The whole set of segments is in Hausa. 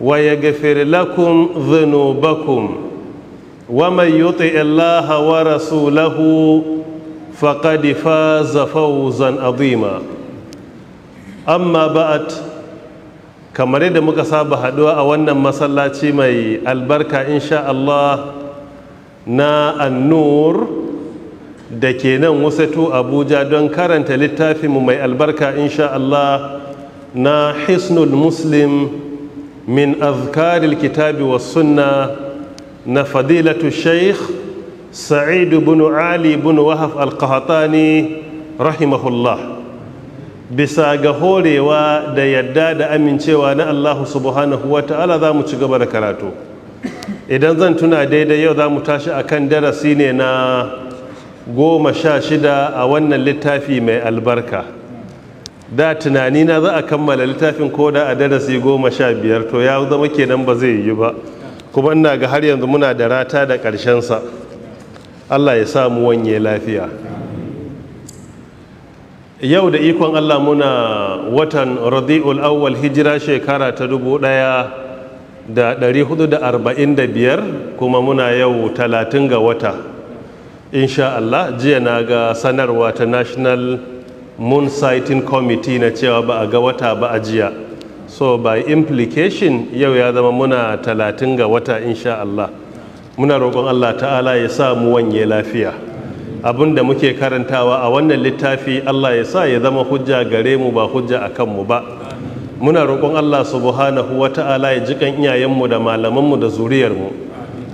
ويغفر لكم ذنوبكم ومن يطع الله ورسوله فقد فاز فوزا عظيما أما بعد kamar yadda muka saba haduwa a wannan masallaci mai albarka insha Allah na annur da ke nan wasatu abuja don karanta littafinmu mai albarka insha Allah na hisnul muslim من أذكار الكتاب والسنة نفضيلة الشيخ سعيد بن علي بن وهف القهطاني رحمه الله bisa ga horewa da yadda da amincewa na Allahu subhanahu wa ta'ala za mu ci gaba da karatu idan zan tuna daidai yau za mu tashi a kan darasi ne na goma sha shida a wannan littafi mai albarka da tunani na za a kammala littafin koda a darasi goma sha biyar to ya zama kenan ba zai yi ba kuma ina ga har yanzu muna da rata da ƙarshensa allah ya samu wanye lafiya yau da ikon allah muna watan radi'ul awwal hijira shekara ta dubu ɗaya da ɗari hudu da arba'in da biyar kuma muna yau talatin ga wata insha allah jiya na ga sanarwa ta national moon sighting committee na cewa ba a ga wata ba a jiya so by implication yau ya zama muna talatin ga wata insha Allah muna roƙon Allah ta'ala ya sa mu wanye lafiya abin da muke karantawa a wannan littafi Allah ya sa ya zama hujja gare mu ba hujja a kanmu ba muna roƙon Allah subhanahu wa ta'ala ya jikan iyayenmu da malamanmu da zuriyarmu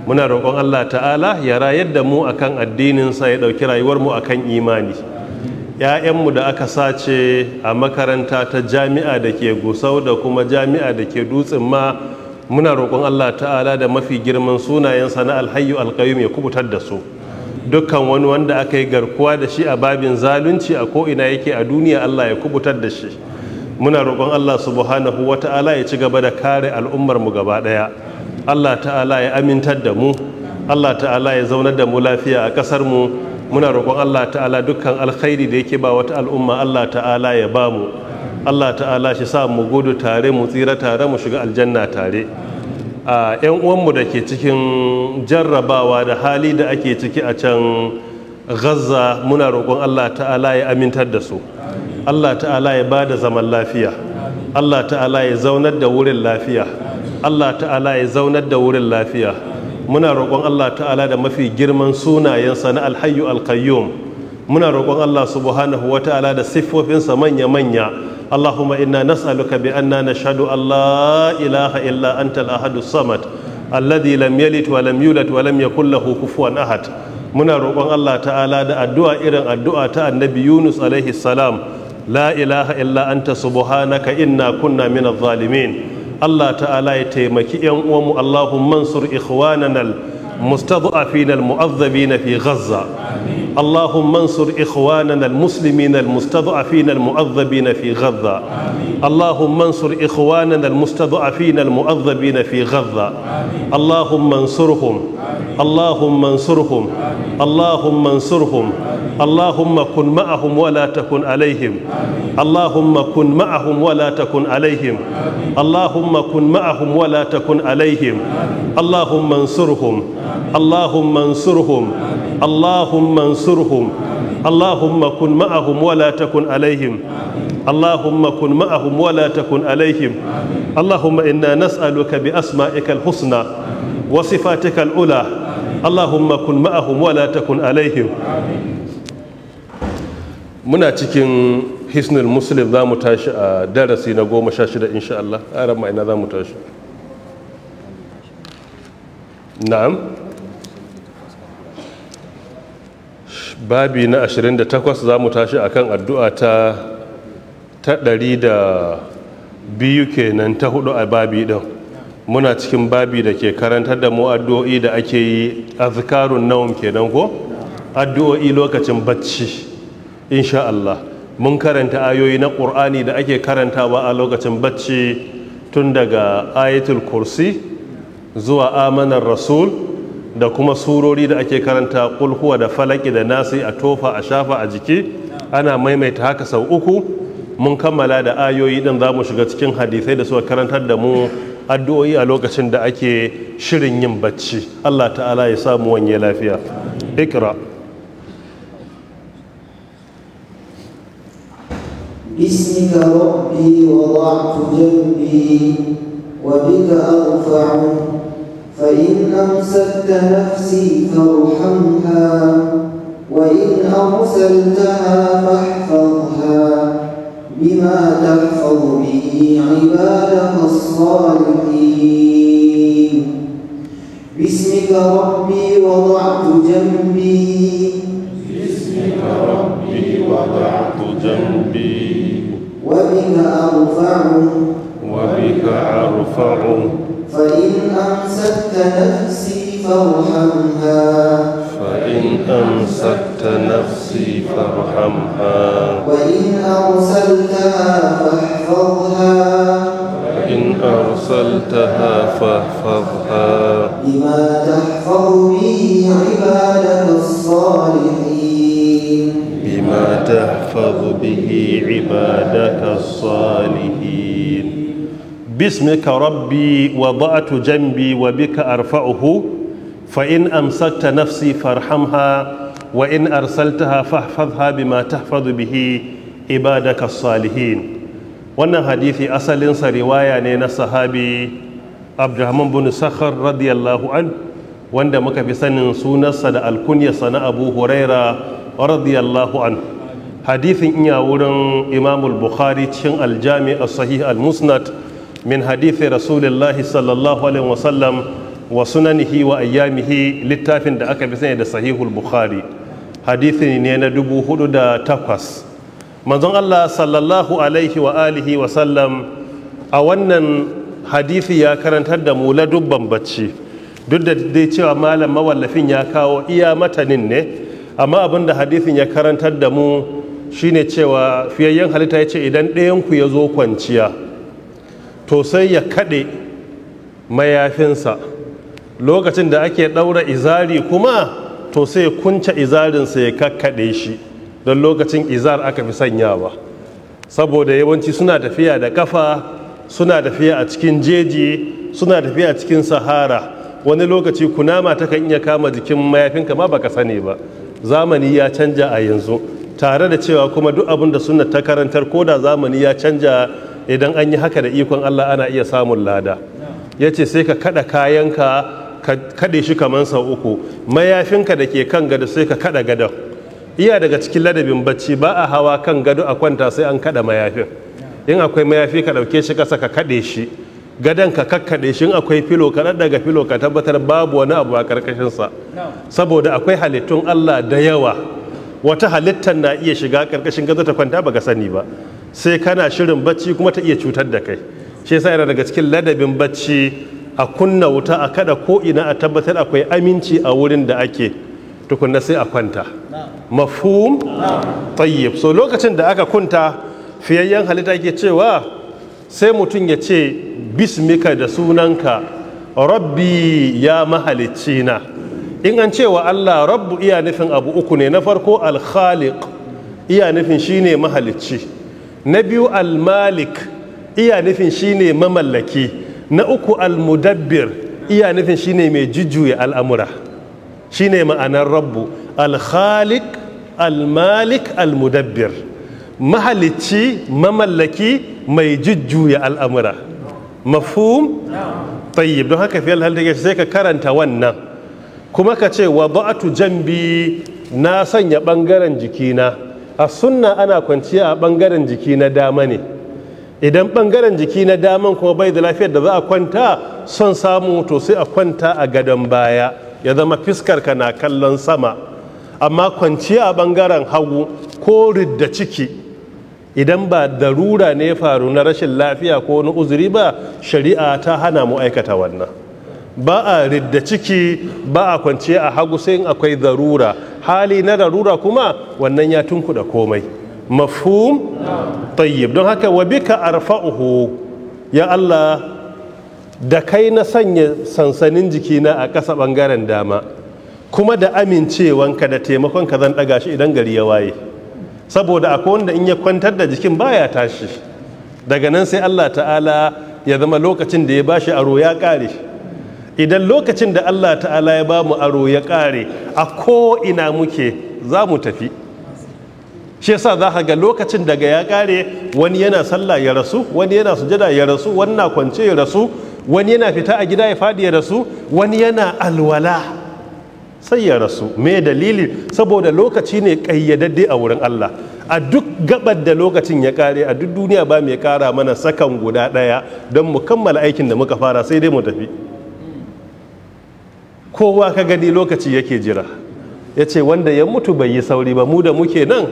muna roƙon Allah ta'ala ya rayar da mu akan addinin sa ya ɗauki rayuwarmu akan imani 'ya'yanmu da aka sace a makaranta ta jami'a da ke gusau da kuma jami'a da ke dutsen ma muna roƙon allah ta'ala da mafi girman sunayensa na alhayu alkayu ya kubutar da su dukkan wani wanda aka yi garkuwa da shi a babin zalunci a ko'ina yake a duniya allah ya kubutar da shi muna roƙon allah subhanahu wa ta'ala ya ci gaba da kare al'ummar gaba ɗaya allah ta'ala ya amintar da mu allah ta'ala ya zaunar da mu lafiya a ƙasarmu. muna roƙon Allah ta'ala dukkan alkhairi da yake ba wata al'umma Allah ta'ala ya ba mu Allah ta'ala shi sa mu gudu tare mu tsira tare mu shiga aljanna tare a yan uwanmu da ke cikin jarrabawa da hali da ake ciki a can Gaza muna roƙon Allah ta'ala ya amintar da su Allah ta'ala ya ba da zaman lafiya Allah ta'ala ya zaunar da wurin lafiya Allah ta'ala ya zaunar da wurin lafiya muna roƙon Allah ta'ala da mafi girman sunayensa na alhayyu alkayyum muna roƙon Allah subhanahu wa ta'ala da siffofinsa manya-manya Allahumma inna nas'aluka bi anna nashhadu an la ilaha illa anta al-ahadu samad alladhi lam yalid wa lam yulad wa lam yakul lahu kufuwan ahad muna roƙon Allah ta'ala da addu'a irin addu'a ta annabi Yunus alaihi salam la ilaha illa anta subhanaka inna kunna minadh-dhalimin Allah ta'ala ya taimaki 'yan uwanmu Allahumma mansur ikhwananal مستضعفين المؤذبين في غزة اللهم انصر إخواننا المسلمين المستضعفين المؤذبين في غزة اللهم انصر إخواننا المستضعفين المؤذبين في غزة اللهم انصرهم اللهم انصرهم اللهم انصرهم اللهم كن معهم ولا تكن عليهم اللهم كن معهم ولا تكن عليهم اللهم كن معهم ولا تكن عليهم اللهم انصرهم اللهم انصرهم اللهم انصرهم اللهم كن معهم ولا تكن عليهم اللهم كن معهم ولا تكن عليهم اللهم إنا نسألك بأسمائك الحسنى وصفاتك العلى اللهم كن معهم ولا تكن عليهم muna cikin hisnul muslim za mu tashi a darasi na goma sha shida insha Allah a ran ma'ina za mu tashi na'am babi na 28 za mu tashi akan addu'a ta ta ɗari da biyu kenan ta hudu a babi ɗin muna cikin babi da ke karantar da mu addu'o'i da ake yi azkarun nawm kenan ko addu'o'i lokacin bacci insha Allah mun karanta ayoyi na ƙur'ani da ake karantawa a lokacin bacci tun daga ayatul kursi zuwa amanar rasul da kuma surori da ake karanta kulhuwa da falaki da nasi a tofa a shafa a jiki ana maimaita haka sau uku mun kammala da ayoyi din za mu shiga cikin hadisai da suka karantar da mu addu'o'i a lokacin da ake shirin yin bacci Allah ta'ala ya samu wanye lafiya ikra باسمك ربي وضعت جنبي وبك فإن أمسكت نفسي فارحمها وإن أرسلتها فاحفظها بما تحفظ به عبادك الصالحين باسمك ربي وضعت جنبي باسمك ربي وضعت جنبي وبك أرفع وبك أرفع فإن أمسكت نفسي فارحمها فإن أمسكت نفسي فارحمها وإن أرسلتها فاحفظها وإن أرسلتها فاحفظها بما تحفظ به عبادك الصالحين بما تحفظ به عبادك الصالحين bismika rabbi wa ba'atu jambi wa bika arfa'uhu fa in amsakta nafsi farhamha wa in arsaltaha fahfazha bima tahfazu bihi ibadaka salihin wannan hadithi asalinsa riwaya ne na sahabi abdurrahman bin sakhar radiyallahu an wanda muka fi sanin sunarsa da alkunyarsa na abu huraira radiyallahu an hadithin iya wurin imamul bukhari cikin aljami as-sahih al-musnad al musnad min hadithi rasulullahi sallallahu alaihi wasallam wa sunanihi wa ayyamihi littafin da aka bisani da sahihul bukhari hadithi ne na dubu hudu da takwas manzon Allah sallallahu alaihi wa alihi a wannan hadithi ya karantar da mula dubban bacci duk da cewa malam mawallafin ya kawo iya matanin ne amma abin da hadithin ya karantar da mu shine cewa fiyayyen halitta ya ce idan ɗayan ku ya zo kwanciya to sai ya kaɗe mayafinsa lokacin da ake ɗaura izari kuma to sai ya kunce izarinsa ya kakkaɗe shi don lokacin izar aka fi sanyawa saboda yawanci suna tafiya da kafa suna tafiya a cikin jeji suna tafiya a cikin sahara wani lokaci kunama takan iya kama jikin mayafinka ma baka sani ba zamani ya canja a yanzu tare da cewa kuma duk abin da suna ta karantar ko da zamani ya canja idan an yi haka da ikon Allah ana iya samun lada ya ce sai ka kada kayanka ka kade shi kamar sau uku mayafinka da ke kan gado sai ka kada gado iya daga cikin ladabin bacci ba a hawa kan gado a kwanta sai an kada mayafin in akwai mayafi ka ɗauke shi kasa ka kaɗe shi gadon ka kakkade shi akwai filo ka daga filo ka tabbatar babu wani abu a ƙarƙashinsa. saboda akwai halittun Allah da yawa wata halittar na iya shiga ƙarƙashin gado ta kwanta baka sani ba sai kana shirin bacci kuma ta iya cutar da kai shi yasa yana daga cikin ladabin bacci a kunna wuta a kada ko ina a tabbatar akwai aminci a wurin da ake tukunna sai a kwanta mafhum tayyib so lokacin da aka kunta fiyayyen halitta ke cewa sai mutum ya ce bismika da sunanka rabbi ya mahalicci na in an cewa Allah rabbu iya nufin abu uku ne na farko al-khaliq iya nufin shine mahalicci na biyu almalik malik iya nufin shine mamallaki na uku almudabbir mudabbir iya nufin shine mai jujjuya al'amura shine ma'anar rabbu al almalik almudabbir mahalicci mamallaki mai jujjuya al'amura mafhum tayyib don haka fiyal halin sai ka karanta wannan kuma ka ce wa ba'atu jambi na sanya bangaren jikina a sunna ana kwanciya a ɓangaren jiki na dama ne idan ɓangaren jiki na daman kuma bai da lafiyar da za a kwanta son samu to sai a kwanta a gadon baya ya zama fiskar ka na kallon sama amma kwanciya a ɓangaren hagu ko ridda ciki idan ba darura ne faru na rashin lafiya ko wani uzuri ba shari'a ta hana mu aikata wannan ba a ridda ciki ba a kwanciya a hagu sai in akwai darura hali na rarura kuma wannan ya tunku da komai mafhum tayyib don haka wa bika arfa'uhu ya Allah da kai na sanya sansanin jiki na a ƙasa ɓangaren dama kuma da amincewanka da taimakonka zan ɗaga shi idan gari ya waye saboda akwai wanda in ya kwantar da jikin baya tashi daga nan sai Allah ta'ala ya zama lokacin da ya bashi aro ya ƙare idan lokacin da Allah ta'ala ya ba mu aro ya ƙare a ko'ina muke za mu tafi shi yasa za ka ga lokacin daga ya ƙare wani yana sallah ya rasu wani yana sujada ya rasu wani na kwance ya rasu wani yana fita a gida ya faɗi ya rasu wani yana alwala sai ya rasu me dalili saboda lokaci ne ƙayyadadde a wurin Allah a duk gabar da lokacin ya kare a duk duniya ba mai kara mana sakan guda ɗaya don mu kammala aikin da muka fara sai dai mu tafi kowa ka gani lokaci yake jira ya ce wanda ya mutu bai yi sauri ba mu da muke nan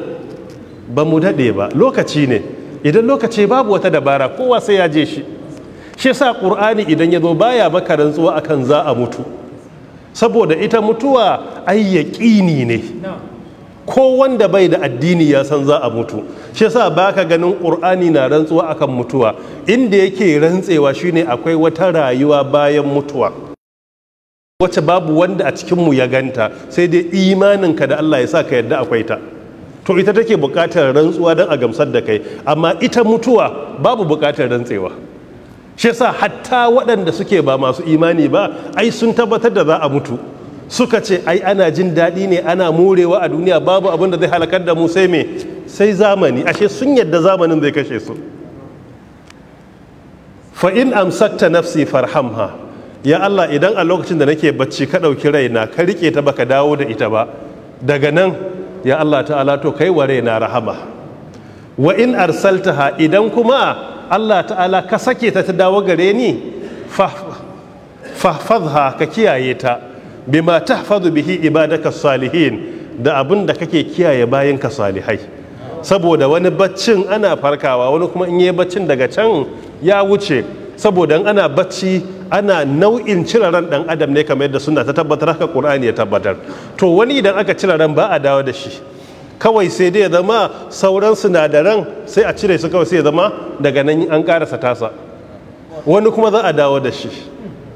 ba mu daɗe ba lokaci ne idan lokaci babu wata dabara kowa sai ya je shi shi sa ƙur'ani idan ya zo baya maka rantsuwa akan za a mutu saboda ita mutuwa ai yaƙini ne ko wanda bai da addini ya san za a mutu shi sa baka ganin ƙur'ani na rantsuwa akan mutuwa inda yake rantsewa shine akwai wata rayuwa bayan mutuwa wacce babu wanda a cikinmu ya ganta sai dai imaninka da Allah ya sa ka yadda akwai ta to ita take buƙatar rantsuwa don a gamsar da kai amma ita mutuwa babu buƙatar rantsewa shi yasa hatta waɗanda suke ba masu imani ba ai sun tabbatar da za a mutu suka ce ai ana jin daɗi ne ana morewa a duniya babu abin da zai halakar da mu sai me sai zamani ashe sun yadda zamanin zai kashe su fa in amsakta nafsi farhamha ya Allah idan a lokacin da nake bacci ka ɗauki raina ka riƙe ta baka dawo da ita ba daga nan ya Allah ta'ala to kai wa raina rahama wa in arsaltaha idan kuma Allah ta'ala ka sake ta ta dawo gare ni fahfazha ka kiyaye ta bima tahfazu bihi ibadaka salihin da abin da kake kiyaye bayan ka salihai saboda wani baccin ana farkawa wani kuma in yi baccin daga can ya wuce saboda ana bacci ana nau'in cire ran dan adam ne kamar yadda suna ta tabbatar haka qur'ani ya tabbatar to wani idan aka cire ran ba a dawo da shi kawai sai dai ya zama sauran sinadaran sai a cire su kawai sai ya zama daga nan an karasa tasa wani kuma za a dawo da shi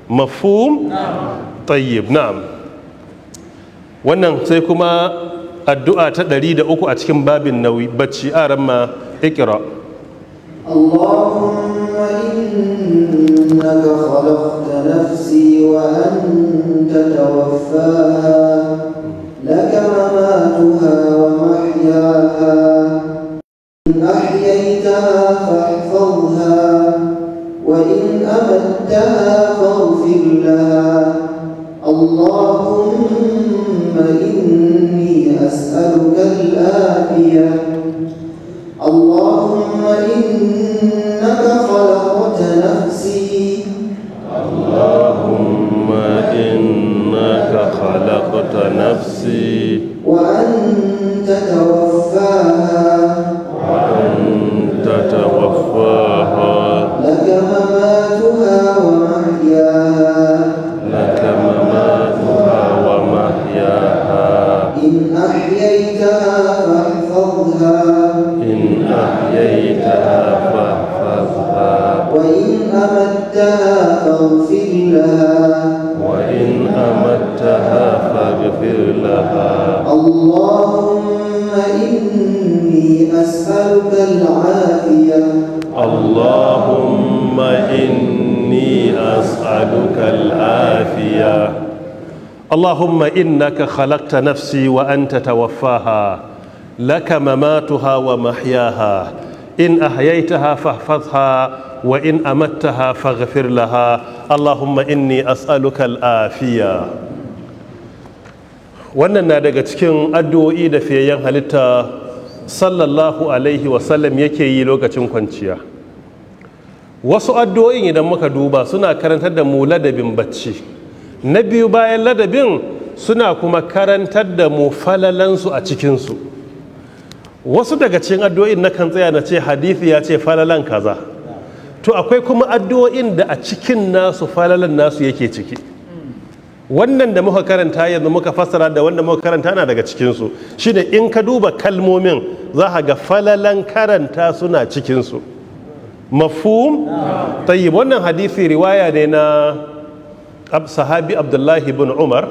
mafhum tayyib na'am wannan sai kuma addu'a ta 103 a cikin babin nauyi bacci aran ma ikra Allahumma إنك خلقت نفسي وأنت توفاها لك مماتها ومحياها إن أحييتها فاحفظها وإن أمتها فاغفر لها اللهم إني أسألك الآفية اللهم إنك خلقت نفسي c'est اللهم إنك خلقت نفسي وأنت توفاها لك مماتها ومحياها إن أحييتها فاحفظها وإن أمتها فاغفر لها اللهم إني أسألك الآفية wannan na daga cikin addu'o'i da fiyayyen halitta sallallahu alaihi wasallam yake yi lokacin kwanciya wasu addu'o'in idan muka duba suna karantar da mu ladabin bacci na biyu bayan ladabin suna kuma karantar da mu falalansu a cikinsu wasu daga cikin addu'o'in na kan tsaya na ce hadithi ya ce falalan kaza to akwai kuma addu'o'in da a cikin nasu falalan nasu yake ciki wannan da muka karanta yanzu muka fassara da wanda muka karanta na daga cikinsu shine in ka duba kalmomin za ka ga falalan karanta suna cikinsu mafhum tayyib wannan hadisi riwaya ne na sahabi abdullahi bin umar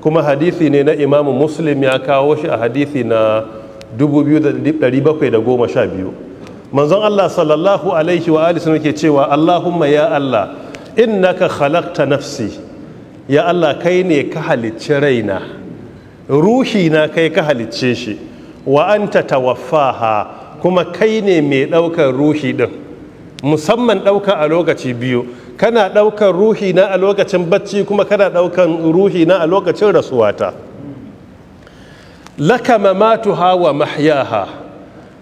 kuma hadithi ne na imamu muslim ya kawo shi a hadithi na 2712 manzon allah sallallahu alaihi wa alihi ke cewa allahumma ya allah innaka khalaqta nafsi ya allah kai ne ka halicci raina ruhi na kai ka halicce shi wa anta tawaffaha kuma kai ne mai ɗaukar ruhi din musamman ɗauka a lokaci biyu kana ɗaukar ruhi na a lokacin bacci kuma kana ɗaukar ruhi na a lokacin rasuwata laka mamatuha wa mahyaha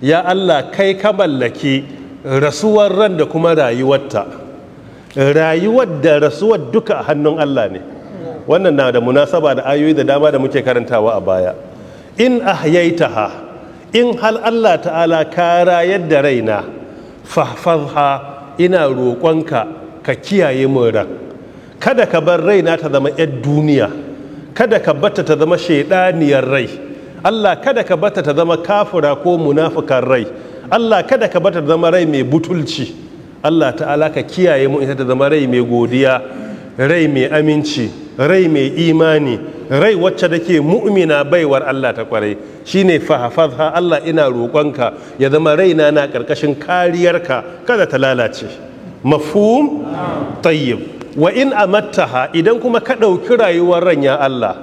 ya Allah kai ka mallaki rasuwar ran da kuma rayuwarta rayuwar da rasuwar duka a hannun Allah ne wannan na da munasaba da ayoyi da dama da muke karantawa a baya in ahyaitaha in hal Allah ta'ala ka rayar da raina fahfadha ina roƙonka ka kiyaye min ran kada ka bar raina ta zama 'yar duniya kada ka bata ta zama shaidaniyar rai Allah kada ka bata ta zama kafura ko munafukan rai Allah kada ka bata ta zama rai mai butulci Allah ta'ala ka kiyaye mu ita ta zama rai mai godiya rai mai aminci rai mai imani rai wacce da ke mu'mina baiwar Allah ta kwarai shine fahafazha Allah ina roƙonka ya zama raina na ƙarƙashin kariyarka kada ta lalace mafhum tayyib wa in amattaha idan kuma ka ɗauki rayuwar ran ya Allah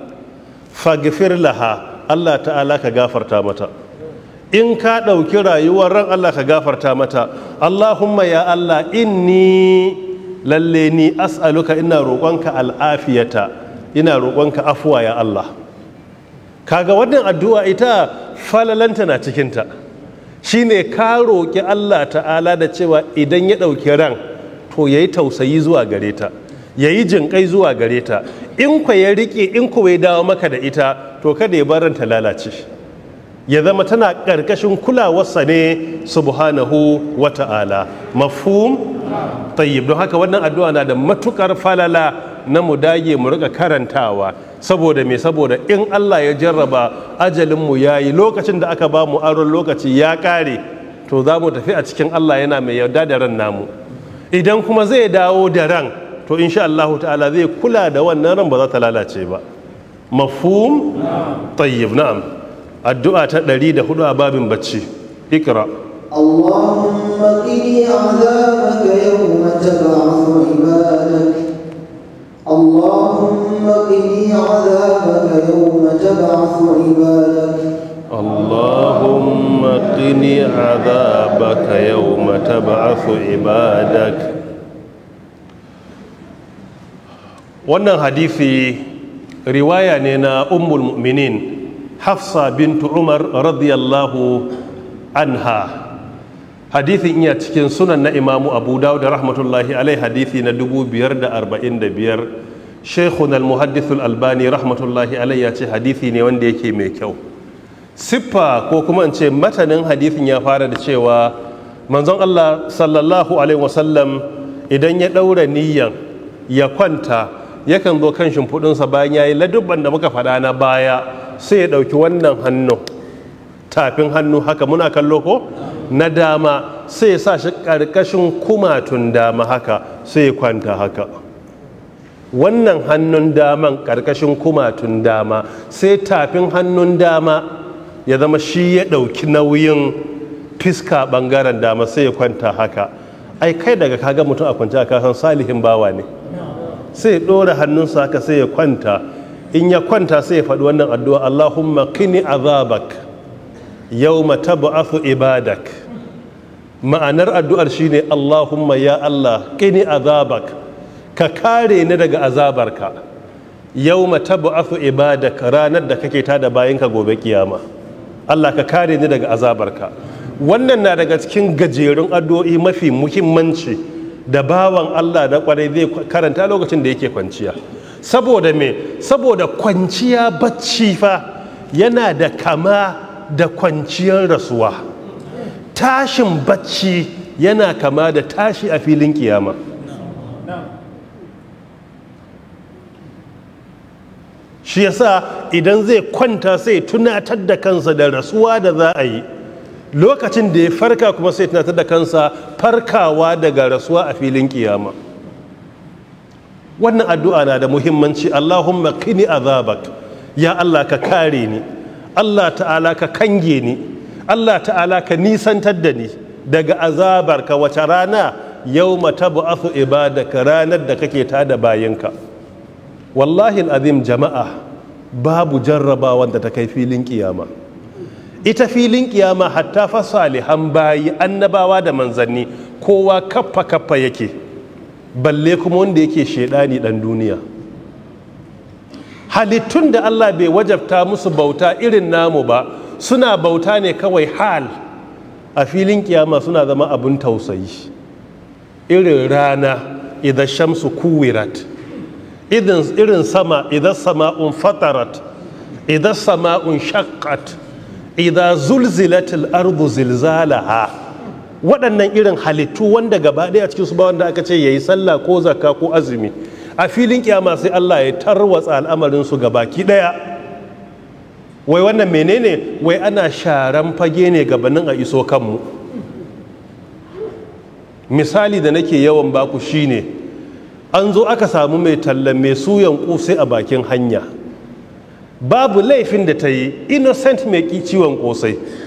faghfir laha Allah ta'ala ka gafarta mata in ka ɗauki rayuwar ran Allah ka gafarta mata Allahumma ya Allah inni lalle ni as'aluka ina roƙonka al'afiyata ina roƙonka afuwa ya Allah kaga wannan addu'a ita falalanta na cikin ta shine ka roƙi Allah ta'ala da cewa idan ya ɗauki ran to yayi tausayi zuwa gare ta yayi jinƙai zuwa gare ta in ku ya riƙe in ku ya dawo maka da ita to kada ya baranta lalace ya zama tana ƙarƙashin kulawarsa ne subhanahu wa ta'ala mafhum tayyib don haka wannan addu'a na da matukar falala na mu dage mu rika karantawa saboda me saboda in Allah ya jarraba ajalin mu yayi lokacin da aka ba mu aron lokaci ya kare to za mu tafi a cikin Allah yana mai yarda da ran namu idan kuma zai dawo da ran to insha Allah ta'ala zai kula da wannan ran ba za ta lalace ba mafhum tayyib na'am addu'a ta ɗari da 104 a babin bacci ikra Allahumma qini yawma tab'athu ibadak Allahumma qini yawma tab'athu ibadak wannan hadisi riwaya ne na ummul mu'minin hafsa bintu umar radiyallahu anha hadithin iya cikin sunan na imamu abu dawud rahmatullahi alai hadithi na 545 sheikhun al-muhaddithul albani rahmatullahi alai ya ce hadithi ne wanda yake mai kyau siffa ko kuma in ce matanin hadithin ya fara da cewa manzon allah sallallahu alaihi wasallam idan ya ɗaura niyyan ya kwanta yakan zo kan shimfudinsa bayan ya yi ladubban da muka faɗa na baya sai ya ɗauki wannan hannu tafin hannu haka muna kallo ko na dama sai ya sa shi ƙarƙashin kumatun dama haka sai ya kwanta haka wannan hannun daman karkashin kumatun dama sai tafin hannun dama ya zama shi ya ɗauki nauyin fiska ɓangaren dama sai ya kwanta haka ai kai daga kaga mutum a kwanci a kasan salihin bawa ne sai ya ɗora hannunsa haka sai ya kwanta in ya kwanta sai ya faɗi wannan addu'a Allahumma kini azabak yawma tab'athu ibadak ma'anar addu'ar shi shine Allahumma ya Allah kini azabak ka kare ni daga azabarka yawma tab'athu ibadak ranar da kake tada ka gobe kiyama Allah ka kare ni daga azabarka wannan na daga cikin gajerun addu'o'i mafi muhimmanci da bawan Allah da kwarai zai karanta lokacin da yake kwanciya saboda me saboda kwanciya bacci fa yana da kama da kwanciyar rasuwa tashin bacci yana kama da tashi a filin kiyama shi yasa idan zai kwanta sai tunatar da kansa da rasuwa da za a yi lokacin da ya farka kuma sai tunatar da kansa farkawa daga rasuwa a filin kiyama wannan addu'a na da muhimmanci Allahumma kini azabak ya Allah ka kare ni Allah ta'ala ka kange ni Allah ta'ala ka nisantar da ni daga azabar ka wace rana yau yawma ibada ibadaka ranar da kake ta tada ka. wallahi alazim jama'a babu jarrabawan da ta kai filin kiyama ita filin kiyama hatta fasalihan bayi annabawa da manzanni kowa kaffa kaffa yake balle kuma wanda yake shaidani dan duniya halittun da Allah bai wajabta musu bauta irin namu ba suna bauta ne kawai hal a filin kiyama suna zama abun tausayi irin rana idan shamsu kuwirat irin sama idan sama'un fatarat idan sama'un shakkat idan zulzilatil ardu ha. waɗannan irin halittu wanda gaba ɗaya a cikin su ba wanda aka ce ya yi sallah ko zakka ko azumi a filin kiyama sai Allah ya tarwatsa al'amarin su baki ɗaya wai wannan menene wai ana sharan fage ne gabanin a iso kanmu misali da nake yawan baku shine an zo aka samu mai talla mai suyan ƙosai a bakin hanya babu laifin da ta yi innocent mai ciwon ƙosai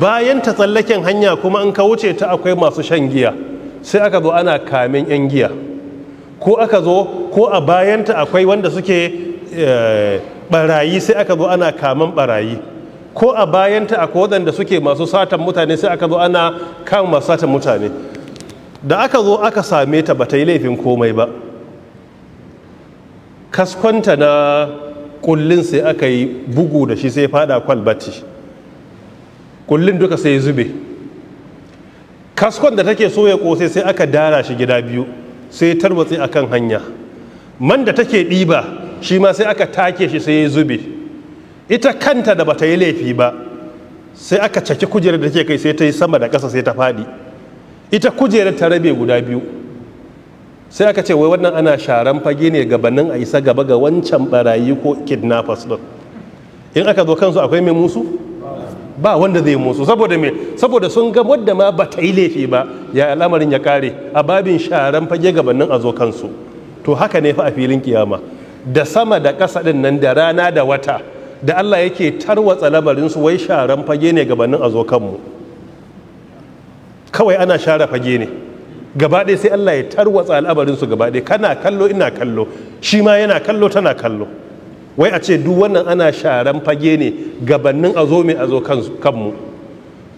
bayan ta tsallaken hanya kuma in ka wuce ta akwai masu shan giya sai aka zo ana kamen 'yan giya ko aka zo ko a bayanta akwai wanda suke barayi eh, sai aka zo ana kamen barayi ko a bayanta akwai waɗanda suke masu satan mutane sai aka zo ana kama masu satan mutane da aka zo aka same ta ba ta yi laifin komai ba kaskwanta na kullin sai aka yi bugu da shi sai fada kwalbati kullun duka sai zube kaskon da take so ya kose sai aka dara shi gida biyu sai tarwatse akan hanya man da take ɗiba shi ma sai aka take shi sai ya zube ita kanta da bata yi laifi ba sai aka caki kujerar da take kai sai ta yi sama da ƙasa sai ta faɗi ita kujerar ta rabe guda biyu sai aka ce wai wannan ana sharan fage ne gabanin a isa gaba ga wancan barayi ko kidnappers ɗin in aka zo kansu akwai mai musu ba wanda zai musu saboda me saboda sun ga wadda ma ba ta yi laifi ba ya al'amarin ya kare a babin sharan fage gabanin a zo kansu to haka ne fa a filin kiyama da sama da ƙasa ɗin nan da rana da wata da Allah yake tarwatsa su wai sharan fage ne gabanin a zo kanmu kawai ana share fage ne gaba ɗaya sai Allah ya tarwatsa su gaba ɗaya kana kallo ina kallo shi ma yana kallo tana kallo wai a ce duk wannan ana sharan fage ne gabannin a zo mai a zo kanmu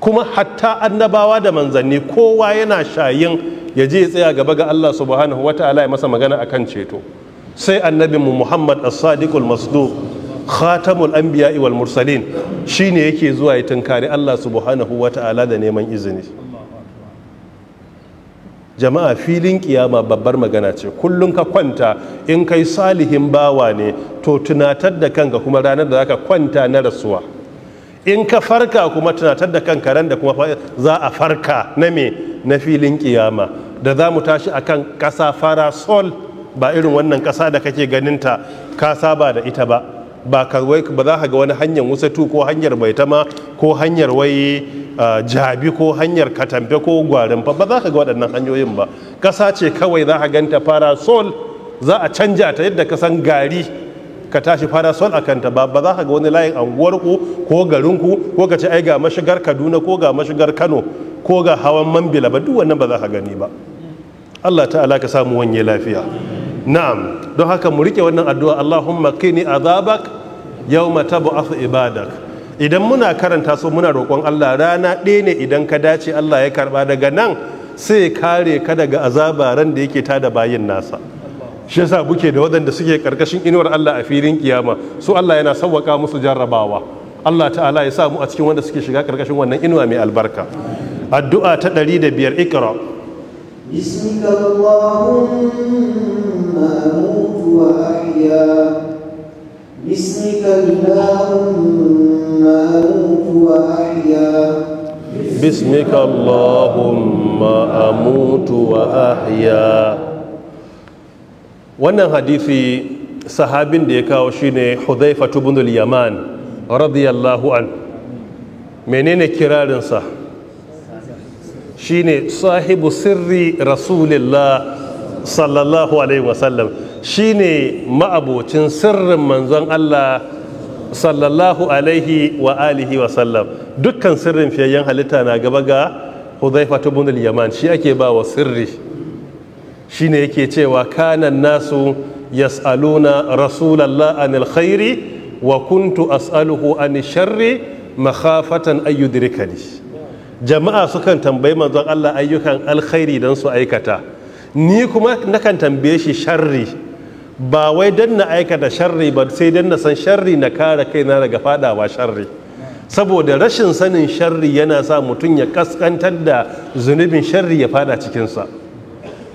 kuma hatta annabawa da manzanni kowa yana shayin ya je ya tsaya gaba ga Allah subhanahu ta'ala ya masa magana a kan ceto sai annabinmu Muhammad as-sadiqul masduq khatamul anbiya'i wal mursalin shine yake zuwa ya tunkari Allah subhanahu ta'ala da neman izini jama'a filin kiyama babbar magana ce kullum ka kwanta in kai salihin bawa ne to tunatar da kanka kuma ranar da zaka kwanta na rasuwa in ka farka kuma tunatar da kanka ran da kuma za a farka na me na filin kiyama da za mu tashi kan ƙasa fara sol ba irin wannan ƙasa da kake ganinta kasa saba da ita ba ba wai ba za ka ga wani hanyar wusatu ko hanyar tama ko hanyar wai ah, jabi ko hanyar Katamfe ko gwarin ba ba za ka ga waɗannan hanyoyin ba ƙasa ce kawai za ka ganta parasol za a canja ta yadda ka san gari ka tashi parasol a kanta ba ba za ka ga wani layin anguwarku ko garinku ko ka ce ai ga mashigar kaduna ko ga mashigar kano ko ga hawan mambila ba duk wannan ba za ka gani ba allah ta'ala ka samu wanye lafiya na'am don haka mu rike wannan addu'a Allahumma qini azabak yawma tab'athu ibadak idan muna karanta so muna roƙon Allah rana ɗaya ne idan ka dace Allah ya karba daga nan sai kare ka daga azaba ran da yake tada bayin nasa shi yasa buke da waɗanda suke karkashin inuwar Allah a filin kiyama su Allah yana sawwaka musu jarrabawa Allah ta'ala ya sa mu a cikin wanda suke shiga karkashin wannan inuwa mai albarka addu'a ta 105 ikra Ikro. ثم أموت وأحيا باسمك اللهم أموت وأحيا باسمك اللهم أموت وأحيا wannan hadithi sahabin da ya kawo shine ne ibn al-Yaman radiyallahu an menene kirarinsa ne sahibu sirri rasulillah sallallahu alaihi wasallam shine ma'abocin sirrin manzon Allah sallallahu alaihi wa alihi wasallam dukkan sirrin fiyayyen halitta na gaba ga Hudhaifa ibn al-Yaman shi ake ba wa sirri shine yake cewa kanan nasu yas'aluna rasulallah anil khairi wa kuntu as'aluhu an sharri makhafatan ayyudrikani jama'a sukan tambayi manzon Allah ayyukan alkhairi dan su aikata ni kuma nakan tambaye shi sharri ba wai don na aikata sharri ba sai don na san sharri na kare kaina daga fadawa sharri saboda rashin sanin sharri yana sa mutum ya kaskantar da zunubin sharri ya fada cikinsa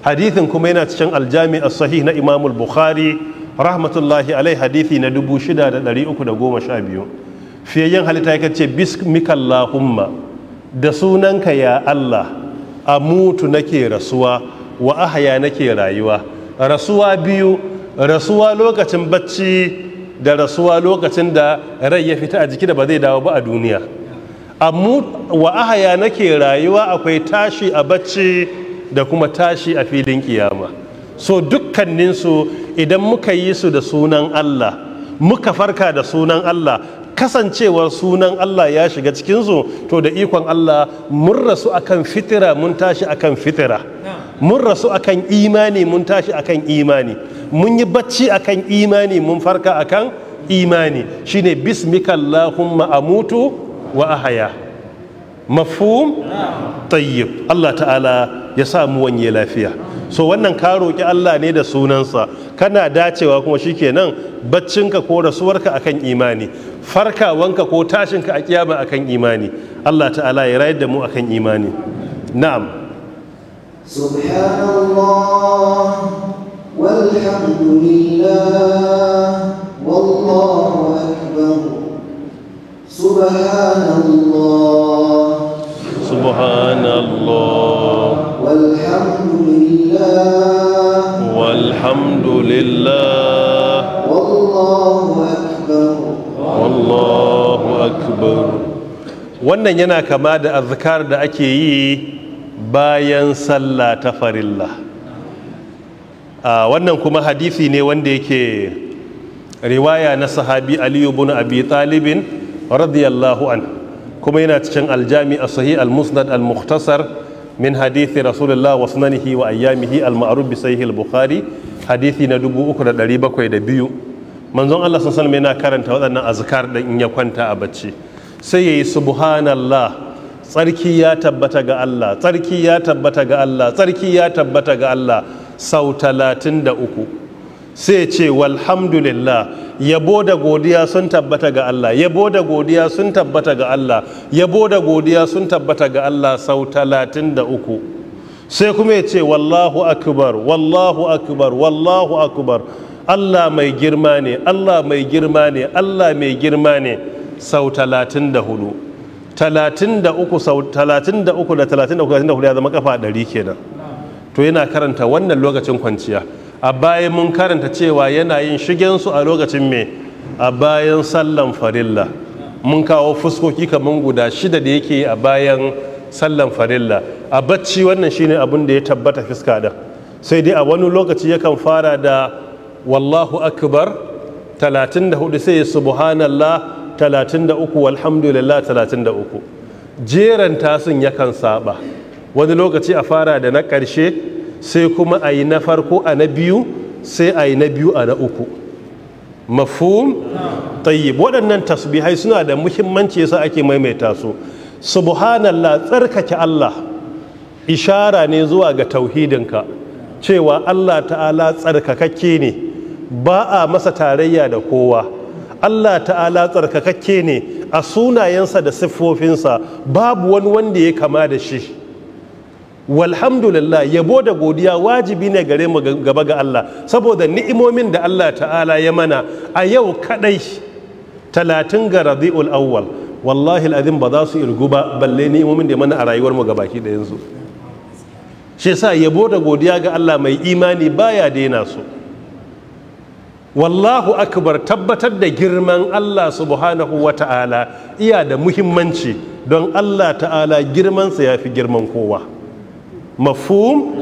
hadithin kuma yana cikin aljami a sahih na imamul bukhari rahmatullahi alai hadithi na 6312 fiyayyen halitta ya ce bismikallahumma da sunanka ya allah a mutu nake rasuwa wa ahaya nake rayuwa rasuwa biyu rasuwa lokacin bacci da rasuwa lokacin da rai ya fita a jiki da ba zai dawo ba a duniya amma wa ahaya nake rayuwa akwai tashi a bacci da kuma tashi a filin kiyama so dukkaninsu idan muka yi su da sunan Allah muka farka da sunan Allah kasancewar sunan Allah ya shiga cikinsu to da ikon Allah mun rasu akan fitira mun tashi akan fitira mun rasu akan imani mun tashi akan imani mun yi bacci akan imani mun farka akan imani shine bismikallahumma amutu wa ahaya mafhum tayyib Allah ta'ala ya sa mu lafiya so wannan ka roƙi Allah ne da sunansa kana dacewa kuma shi shikenan baccinka ko rasuwarka akan imani farkawanka ko tashinka a kiyama akan imani Allah ta'ala ya rayar da mu akan imani na'am سبحان الله والحمد لله والله أكبر سبحان الله سبحان الله والحمد لله والحمد لله والله أكبر والله أكبر wannan yana kama da azkar da ake yi bayan sallah ta farilla wannan kuma hadisi ne wanda yake riwaya na sahabi aliyu bin abi talibin radiyallahu an kuma yana cikin aljami a sahi al-musnad al-mukhtasar min hadithi rasulullah wa sunanihi wa ayyamihi al-ma'ruf bi sahih al-bukhari hadithi na 3702 manzon Allah sallallahu alaihi wasallam yana karanta waɗannan azkar da in ya kwanta a bacci sai yayi subhanallah tsarki ya tabbata ga Allah tsarki ya tabbata ga Allah tsarki ya tabbata ga Allah sau talatin da uku sai ce walhamdulillah yabo da godiya sun tabbata ga Allah yabo da godiya sun tabbata ga Allah yabo da godiya sun tabbata ga Allah sau talatin da uku sai kuma ya ce wallahu akbar wallahu akbar wallahu akbar Allah mai girma ne Allah mai girma ne Allah mai girma ne sau talatin da hudu 33 da 33 da 34 ya zama kafa 100 kenan to yana karanta wannan lokacin kwanciya a baya mun karanta cewa yana yin shigensu a lokacin mai a bayan sallan farilla mun kawo fuskoki kamar guda shida da yake a bayan sallan farilla a bacci wannan shine abin da ya tabbata fiska da sai dai a wani lokaci yakan fara da wallahu akbar 34 sai subhanallah 33 walhamdulillah 33 jeran tasin yakan saba wani lokaci a fara da na ƙarshe sai kuma a yi na farko a na biyu sai a yi na biyu a na uku mafhum tayyib waɗannan tasbihai suna da muhimmanci yasa ake maimaita su subhanallah tsarkake Allah ishara ne zuwa ga tauhidinka cewa Allah ta'ala tsarkakakke ne ba a masa tarayya da kowa Allah ta'ala tsarkakakke ne a sunayensa da siffofinsa babu wani wanda ya kama da shi walhamdulillah yabo da godiya wajibi ne gare mu gaba ga Allah saboda ni'imomin da Allah ta'ala ya mana a yau kadai talatin ga rabi'ul awwal wallahi al'adin ba za su irgu ba balle ni'imomin da ya mana a rayuwar mu gabaki da yanzu shi yasa yabo da godiya ga Allah mai imani baya daina su wallahu akbar tabbatar da girman Allah subhanahu wa ta'ala iya da muhimmanci don Allah ta'ala girmansa ya fi girman kowa mafhum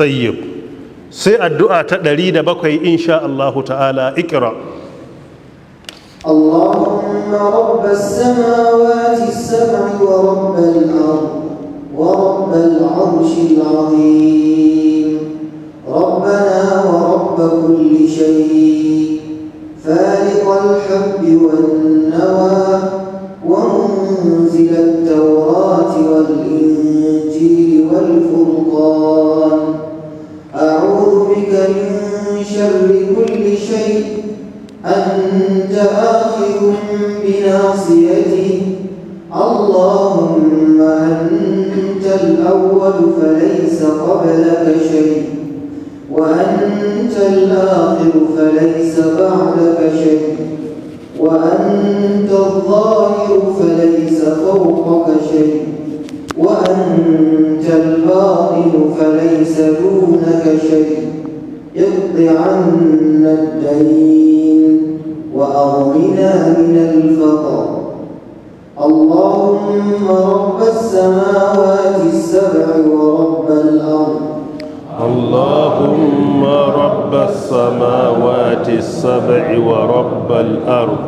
tayyib sai addu'a ta ɗari 107 insha Allah ta'ala ikra اللهم رب السماوات السبع ورب الأرض ورب العرش العظيم ربنا ورب رب كل شيء فالق الحب والنوى وانزل التوراة والإنجيل والفرقان أعوذ بك من شر كل شيء أنت آخذ بناصيتي اللهم أنت الأول فليس قبلك شيء وأنت الآخر فليس بعدك شيء وأنت الظاهر فليس فوقك شيء وأنت الباطن فليس دونك شيء اقض عنا الدين وأغننا من الفقر اللهم رب السماوات السبع ورب الأرض اللهم رب السماوات السبع ورب الأرض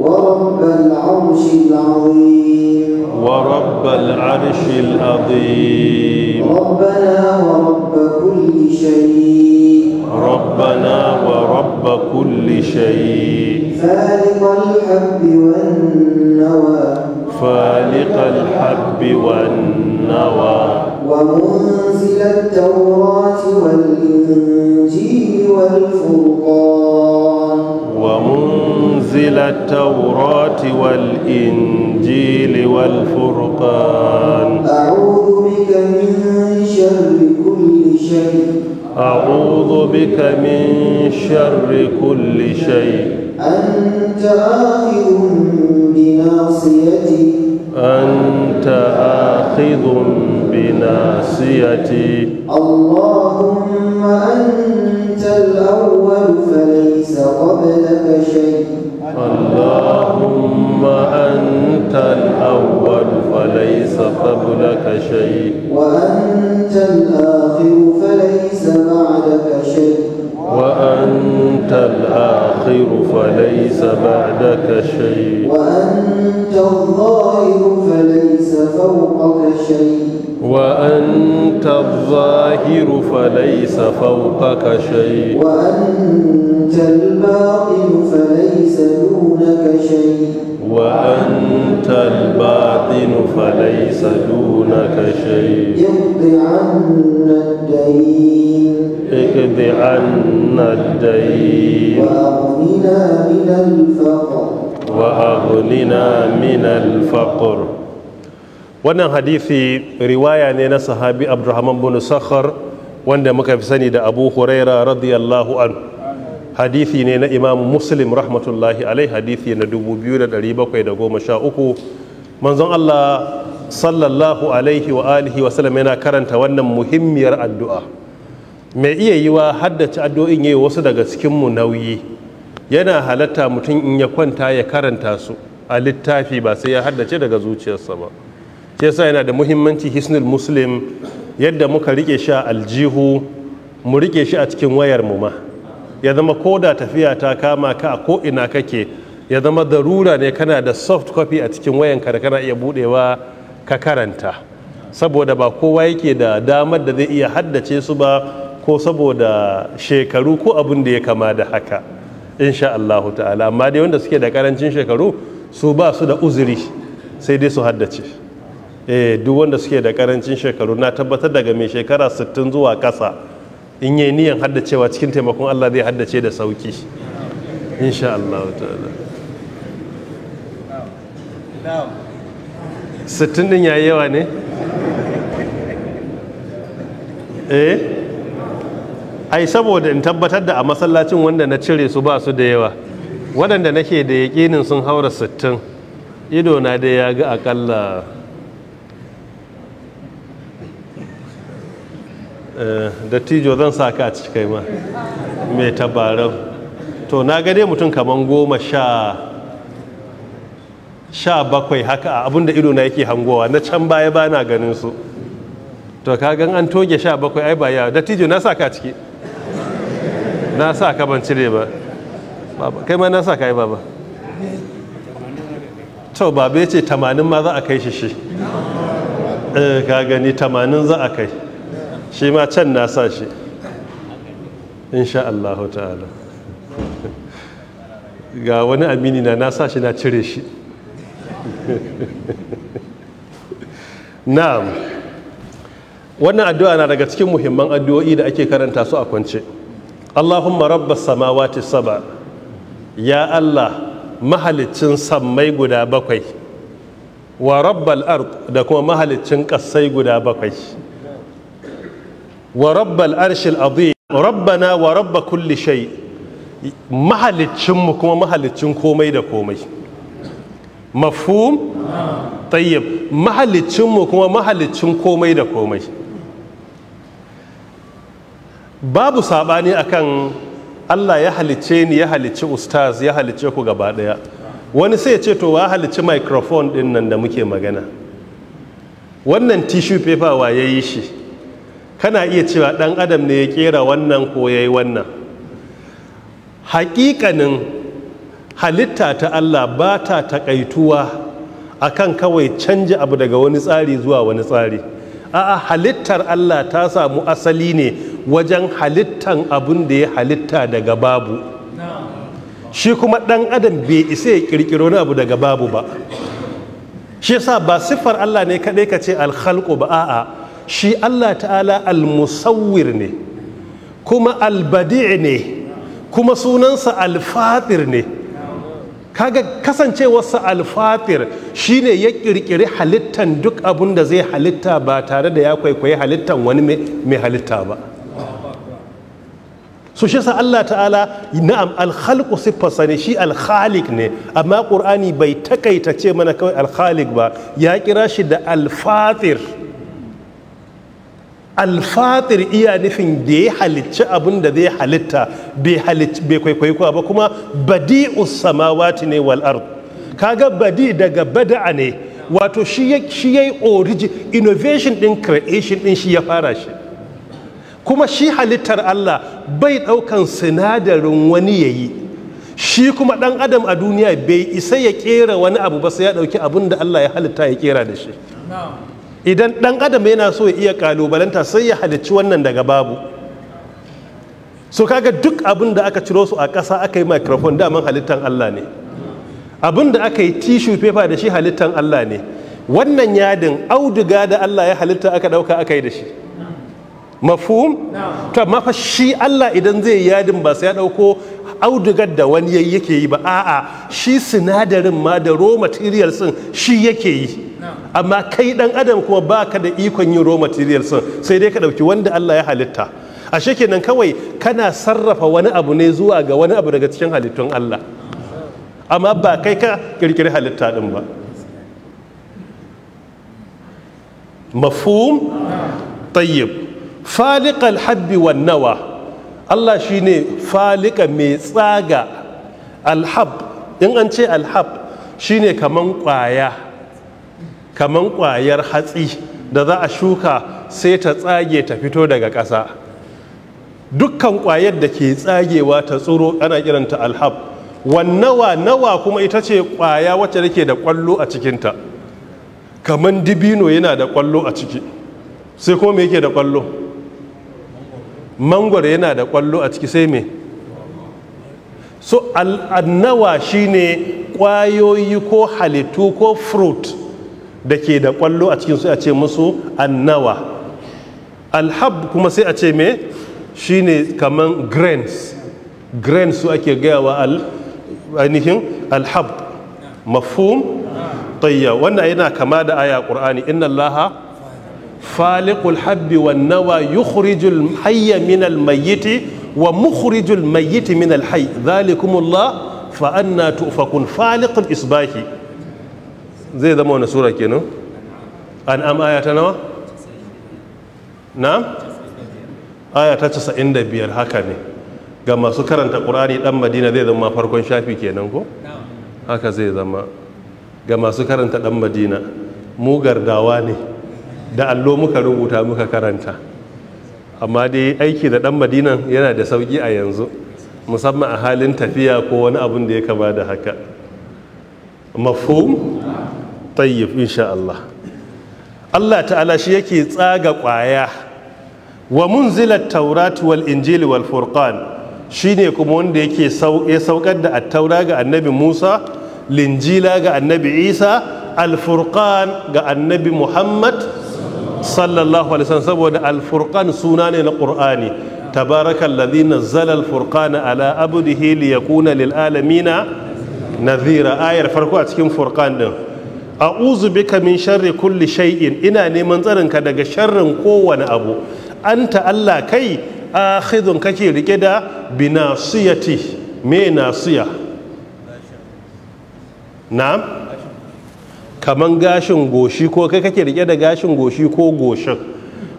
ورب العرش العظيم ورب العرش العظيم ربنا ورب كل شيء ربنا ورب كل شيء فالق الحب والنوى فالق الحب والنوى ومنزل التوراة والإنجيل والفرقان ومنزل التوراة والإنجيل والفرقان أعوذ بك من شر كل شيء أعوذ بك من شر كل شيء أنت آخذ بناصيتي أنت آخذ بناصيتي اللهم أنت الأول فليس قبلك شيء اللهم أنت الأول فليس قبلك شيء وأنت الآخر الآخر فليس بعدك شيء وأنت الظاهر فليس فوقك شيء وأنت الظاهر فليس فوقك شيء وأنت الباطن فليس دونك شيء وأنت الباطن فليس دونك شيء يقضي عنا الدين اقض عنا الدين وأغننا من الفقر وأغننا من الفقر wannan hadithi riwaya ne na sahabi abdurrahman bin sakhar wanda muka fi sani da abu huraira radiyallahu an hadithi ne na imam muslim rahmatullahi alai hadithi na 2713 manzon allah sallallahu alaihi wa alihi wa sallam yana karanta wannan muhimmiyar addu'a mai iya yi wa haddace addu'o'in yayi wasu daga cikin mu nauyi yana halatta mutum in ya kwanta ya karanta su a littafi ba sai ya haddace daga zuciyarsa ba ce sa yana da muhimmanci hisnul muslim yadda muka rike shi a aljihu mu rike shi a cikin wayar mu ma ya zama ko da tafiya ta kama ka a ko ina kake ya zama darura ne kana da soft copy a cikin ka da kana iya budewa ka karanta saboda ba kowa yake da damar da zai iya haddace su ba ko saboda shekaru ko abin da ya kama da haka insha Allahu ta'ala amma dai wanda suke da karancin shekaru su ba su da uzuri sai dai su haddace eh duk wanda suke da karancin shekaru na tabbatar daga mai shekara 60 zuwa kasa in yi niyan haddacewa cikin taimakon Allah zai haddace da sauki insha Allahu ta'ala sittin din yayi yawa ne eh ai saboda in tabbatar da a masallacin wanda na cire su ba su da yawa waɗanda nake da yaƙinin sun haura sittin ido na dai ya ga akalla eh, dattijo zan sa ka a kai ma mai tabarau to na gade mutum kamar goma sha sha bakwai haka abinda ido na yake hangowa na can baya bana ganin su to kagan an toge sha bakwai ai ba yawa dattijo na sa ka ciki na sa ka ban cire ba kai ma na sa ka yi ba to ba bai ce tamanin ma za a kai shi shi eh, ka gani tamanin za a kai shi ma can na sa shi insha Allah ta'ala ga wani amini na na sa shi na cire shi Na wannan addu'a na daga cikin muhimman addu'o'i da ake karanta su a kwance Allahumma rabbas samawati saba ya Allah mahalicin sammai guda bakwai wa rabbal ard da kuma mahalicin kassai guda bakwai wa rabbal arshil azim rabbana wa rabba kulli shay mahalicinmu kuma mahalicin komai da komai mafhum tayyib mahalicinmu kuma mahalicin komai da komai babu sabani akan Allah ya halicce ni ya halicci ustaz ya halicce ku gaba daya wani sai ya ce to wa halicci microphone din nan da muke magana wannan tissue paper wa ya yi shi kana iya cewa dan adam ne ya kera wannan ko ya yi wannan hakikanin halitta ta Allah ba ta takaituwa akan kawai canja abu daga wani tsari zuwa wani tsari a'a halittar Allah ta samu asali ne wajen halittan abin da ya halitta daga babu shi kuma ɗan adam bai isa ya ƙirƙiro na abu daga babu ba shi yasa ba siffar Allah ne kaɗai ka ce alhalko ba a'a shi Allah ta'ala almusawwir ne kuma albadi' ne kuma sunansa alfatir ne kaga kasancewarsa alfatir ne ya ƙirƙiri halittan duk abin da zai halitta ba tare da ya kwaikwayi halittan wani mai halitta ba so shi sa Allah ta'ala na'am alkhalqu siffarsa ne shi khaliq ne amma qur'ani bai takaita ce mana kawai alkhalik ba ya kira shi da alfatir alfatir iya nufin da ya halicci abin da zai halitta bai kwaikwayi ba kuma badi'us samawati ne wal ard kaga badi daga bada'a ne wato shi yayi origin innovation din creation din shi ya fara shi kuma shi halittar Allah bai ɗaukan sinadarin wani ya yi shi kuma ɗan adam a duniya bai isa ya ƙera wani abu ba sai ya ɗauki abin da Allah ya halitta ya kera da shi idan ɗan adam yana so ya iya ƙalubalanta sai ya halicci wannan daga babu so kaga duk abin da aka ciro su a ƙasa aka yi microphone daman halittar Allah ne abin da aka yi tissue paper da shi halittan Allah ne wannan yadin auduga da Allah ya halitta aka ɗauka aka yi da shi mafum ta shi Allah idan zai yadin ba sai ya dauko audugar da wani yayi yake yi ba a'a shi sinadarin ma da raw materials sun shi yake yi amma kai dan adam kuma baka da ikon yin raw materials sun, sai dai ka dauki wanda Allah ya halitta ashe kenan kawai kana sarrafa wani abu ne zuwa ga wani abu daga cikin halittun Allah amma ba kai ka kirkiri halitta din ba mafum tayyib faliƙal habbi wannawa Allah shi ne faliƙa mai tsaga alhab in an ce alhab shi ne kaman ƙwaya kaman ƙwayar hatsi da za a shuka sai ta tsage ta fito daga ƙasa dukkan ƙwayar da ke tsagewa ta tsoro ana kiranta alhab wannawa nawa kuma ita ce ƙwaya wacce take da ƙwallo a cikinta kaman dibino yana da ƙwallo a ciki sai kuma me yake da ƙwallo mangwaro yana da kwallo a ciki sai me so annawa shine kwayoyi ko halittu ko fruit da ke da kwallo a cikin sai a ce musu annawa alhab kuma sai a ce me shine kaman grains grains su ake gayawa al ainihin alhab mafhum tayya wannan yana kama da aya qur'ani inna allaha faliqul habbi wan nawa yukhrijul hayya min al mayyiti wa mukhrijul mayyiti min al hayy dhalikumullah fa anna tufakun faliqul isbahi zai zama wani sura kenan an'am aya nawa na'am aya ta 95 haka ne ga masu karanta qur'ani dan madina zai zama farkon shafi kenan ko haka zai zama ga masu karanta dan madina mu gardawa ne da allo muka rubuta muka karanta amma dai aiki da ɗan madinan yana da sauki a yanzu musamman a halin tafiya ko wani abun da ya kama da haka mafhum tayyib insha Allah Allah ta'ala shi yake tsaga ƙwaya wa munzilat taurat wal injili wal furqan shine kuma wanda yake ya saukar da attaura ga annabi musa linjila ga annabi isa Al-Furqan ga annabi muhammad sallallahu alaihi wasallam saboda alfurqan suna ne na qur'ani tabarakallazi nazzala alfurqana ala abdihi liyakuna lil alamina nadhira ayar farko a cikin furqan din a'udhu bika min sharri kulli shay'in ina neman tsarinka daga sharrin kowane abu anta Allah kai akhidun kake rike da binasiyati me nasiya na'am kaman gashin goshi ko kai kake rike da gashin goshi ko goshin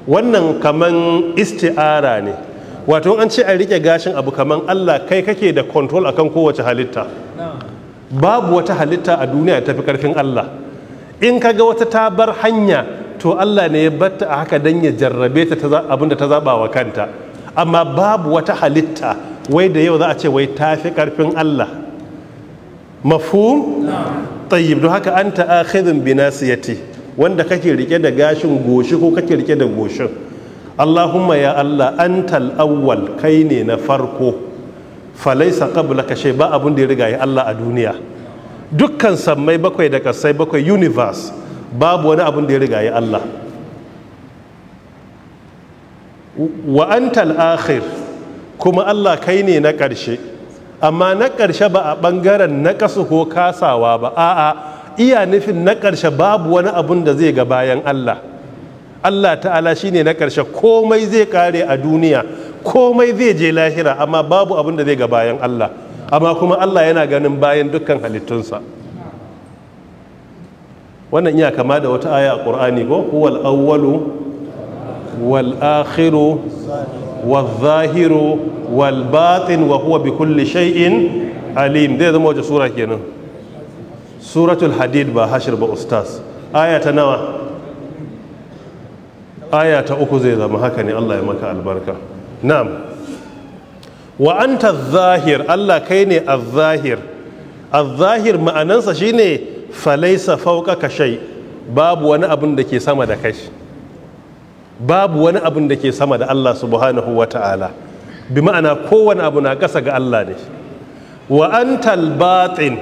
wannan kaman isti'ara ne wato an ce a rike gashin abu kaman Allah kai kake da control akan kowace halitta babu wata halitta a duniya ta fi karfin Allah in kaga wata ta bar hanya to Allah ne ya batta a haka dan ya jarrabe ta da ta zaba wa kanta amma babu wata halitta wai da yau za a ce wai ta fi karfin Allah mafhum tayyib don haka anta akhidhun bi nasiyati wanda kake rike da gashin goshi ko kake rike da goshin Allahumma ya Allah antal awwal kai ne na farko falaisa qablaka shay ba abun da ya riga ya Allah a duniya dukkan sammai bakwai da kasai bakwai universe babu wani abun da ya riga ya Allah wa antal akhir kuma Allah kai ne na ƙarshe amma na ƙarshe ba a ɓangaren na ƙasa ko kasawa ba a'a iya nufin na ƙarshe babu wani abun da zai ga bayan Allah Allah ta'ala shi ne na ƙarshe komai zai ƙare a duniya komai zai je lahira amma babu abun da zai ga bayan Allah amma kuma Allah yana ganin bayan dukkan halittunsa wannan iya kama da wata aya a ƙur'ani ko huwal awwalu wal akhiru والظاهر والباطن وهو بكل شيء عليم دي zama wace sura kenan suratul hadid ba hashir ba ustaz aya nawa aya uku zai zama haka ne Allah ya maka albarka na'am wa zahir Allah kai ne az-zahir az-zahir ma'anansa shine falaisa, fawqaka shay babu wani abin da ke sama da kai babu wani abun da ke sama da Allah subhanahu wa ta'ala bi ma'ana kowane abu na ƙasa ga Allah ne wa antal batin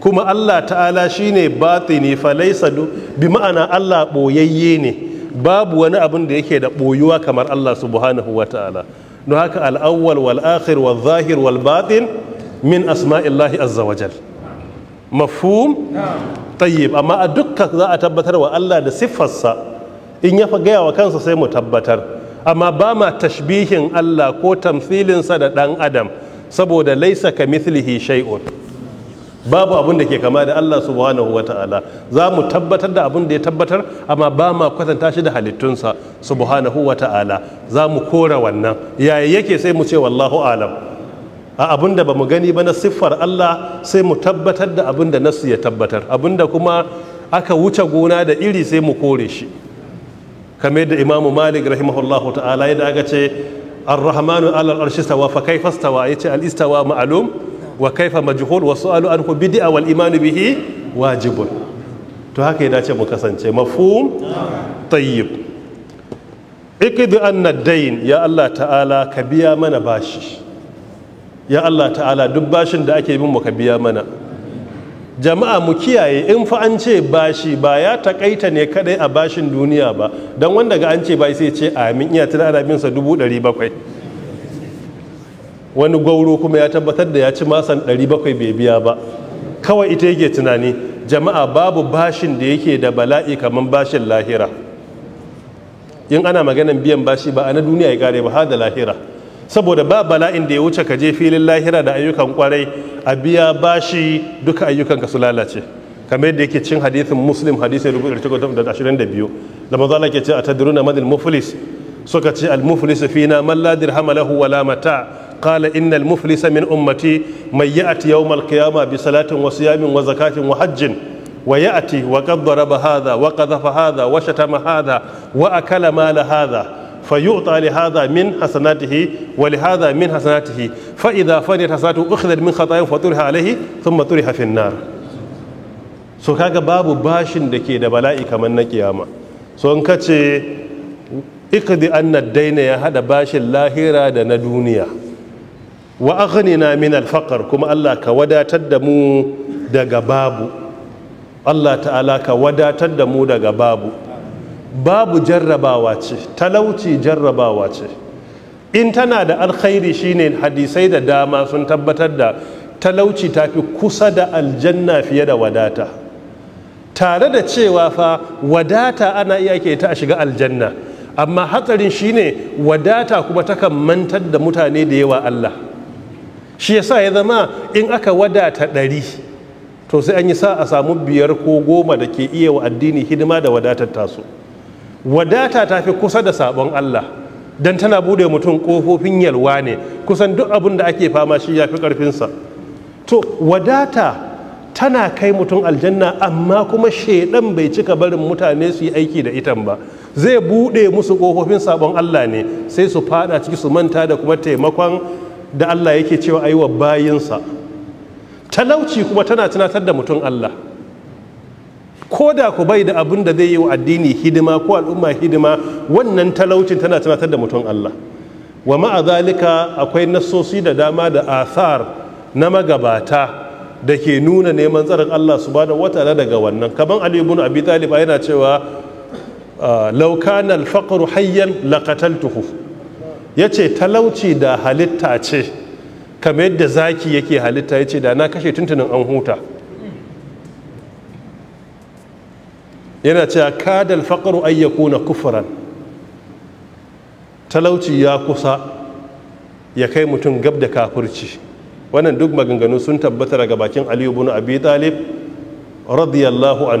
kuma Allah ta'ala shine batini falaisa bi ma'ana Allah boyayye ne babu wani abin da yake da boyuwa kamar Allah subhanahu wa ta'ala don haka al'awwal wal akhir wal zahir wal batin min asma'illahi azza wajal mafhum tayyib amma a dukkan za a tabbatar wa Allah da siffarsa in ya gaya wa kansa sai mu tabbatar amma ba ma tashbihin Allah ko tamfilinsa da ɗan adam saboda laisa ka mithlihi shay'un babu abin da ke kama da Allah subhanahu ta'ala za mu tabbatar da abin da ya tabbatar amma ba ma kwatanta shi da halittunsa subhanahu ta'ala za mu kora wannan yaya yake sai mu ce wallahu alam a abin da ba mu gani ba na siffar Allah sai mu tabbatar da abin da nasu ya tabbatar abin da kuma aka wuce gona da iri sai mu kore shi kamar da imamu malik rahimahullahu ta'ala yadda aka ce ar-rahmanu ala al-arshi stawa fa kaifa stawa yace al-istawa ma'lum wa kaifa majhul wa su'alu anhu bid'a wal iman bihi wajibun to haka ya dace mu kasance mafhum tayyib iqdi anna dayn ya Allah ta'ala ka biya mana bashi ya Allah ta'ala duk bashin da ake bin mu ka biya mana jama'a mu kiyaye in fa an ce bashi ba ya takaita ne kadai a bashin duniya ba don wanda ga an ce bai sai ce amin iya tana ana binsa dubu ɗari wani gwauro kuma ya tabbatar da ya ci masan ɗari bakwai bai biya ba kawai ita yake tunani jama'a babu bashin da yake da bala'i kamar bashin lahira in ana maganan biyan bashi ba a na duniya ya kare ba har da lahira saboda ba bala'in da ya wuce ka je filin lahira da ayyukan kwarai a biya bashi duka ayyukan ka su lalace kamar yadda yake cin hadithin muslim hadisin 1922 da maza Allah ke ce a tadruna madil muflis suka ce al muflis fina man la dirham wala mata qala inna al muflis min ummati Mai ya'ati yawm al qiyamah bi salatin wa siyamin wa zakatin wa hajjin wa ya'ati wa qad daraba hadha wa qadhafa hadha wa shatama hadha wa akala mala hadha فيعطى لهذا من حسناته ولهذا من حسناته فإذا فنيت حسناته أخذت من خطايا فطرها عليه ثم طرح في النار so kaga babu bashin da ke da bala'i kamar na kiyama so in ka ce ikdi anna daina ya hada bashin lahira da na duniya wa aghnina min alfaqr kuma Allah ka wadatar da mu ta'ala ka wadatar da mu daga babu jarrabawa ce talauci jarrabawa ce in tana da alkhairi shine hadisai da dama sun tabbatar da talauci ta fi kusa da aljanna fiye da wadata tare da cewa fa wadata ana iya ke ta a shiga aljanna amma hatsarin shine wadata kuma ta kan mantar da mutane da yawa Allah shi yasa ya zama in aka wadata ɗari to sai an yi sa a samu biyar ko goma da ke iya wa addini hidima da wadatar su. wadata ta fi kusa da sabon Allah don tana bude mutum ƙofofin yalwa ne kusan duk abin da ake fama shi ya fi karfinsa to wadata tana kai mutum aljanna amma kuma shaidan bai cika barin mutane su yi aiki da itan ba zai bude musu ƙofofin sabon Allah ne sai su fada ciki su manta da kuma taimakon da Allah yake cewa ayi wa bayinsa talauci kuma tana tunatar da mutum Allah ko da ku bai da abin da zai yi wa addini hidima ko al'umma hidima wannan talaucin tana tunatar da mutum Allah wa ma'azalika akwai nasosi da dama da asar na magabata da ke nuna neman tsarin Allah wata wataala daga wannan kaban Ali Abi Talib yana cewa ah, law kana hayyan faqru tuhu laqataltuhu yace talauci da halitta ce kamar yadda zaki yake halitta yace da na kashe tuntunin an huta yana cewa kadal faqru ayyaku na kufuran talauci ya kusa ya kai mutum gab da kafirci wannan duk maganganu sun tabbatar daga bakin Aliyu ibn Abi Talib radiyallahu an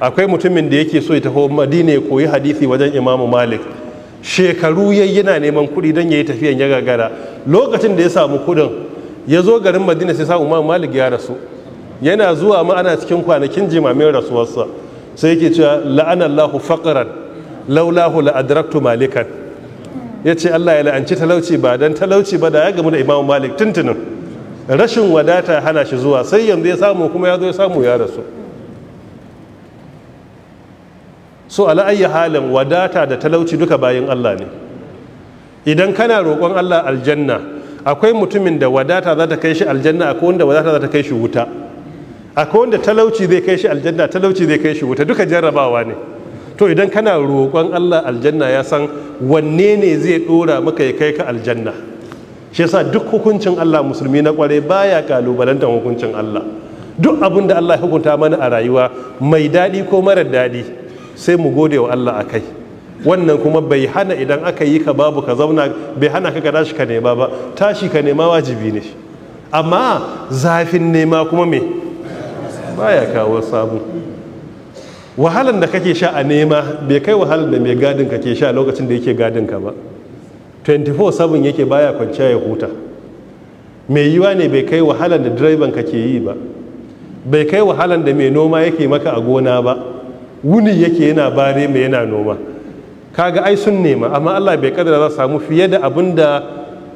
akwai mutumin da yake so ya taho Madina ya koyi hadisi wajen Imam Malik shekaru yayi yana neman kuɗi don yayi tafiyan ya gagara lokacin da ya samu kuɗin ya zo garin Madina sai sa Imam Malik ya rasu yana zuwa ma ana cikin kwanakin jimamin rasuwarsa sai yake cewa lahu faqran laulahu la'adraktu malikan ya ce Allah ya la'anci talauci ba Don talauci ba da ya gamu da Imam Malik tuntunin rashin wadata hana shi zuwa sai yanzu ya samu kuma ya zo ya samu ya rasu so a ayyi halin wadata da talauci duka bayan Allah ne idan kana roƙon Allah aljanna akwai mutumin da wadata za ta kai shi aljanna akwai wanda wadata za ta kai shi wuta akwai wanda talauci zai kai shi aljanna talauci zai kai shi wuta duka jarrabawa ne to idan kana roƙon Allah aljanna ya san wanne ne zai ɗora maka ya kai ka aljanna shi yasa duk hukuncin Allah musulmi na kware baya kalubalantar hukuncin Allah duk abin da Allah ya hukunta mana a rayuwa mai daɗi ko marar daɗi sai mu gode wa Allah a kai wannan kuma bai hana idan aka yi ka babu ka zauna bai hana ka ka tashi ka nema ba tashi ka nema wajibi ne amma zafin nema kuma me baya kawo sabu. wahalan da kake sha a nema bai kai wahalan da mai gadin ka ke sha lokacin da yake gadin ka ba 24/7 yake baya kwanciya ya huta mai yiwa ne bai kai wahalan da direban ka ke yi ba bai kai wahalar da mai noma yake maka a gona ba wuni yake yana bare mai yana noma kaga ai sun nema amma Allah bai kadara za su samu fiye da abin da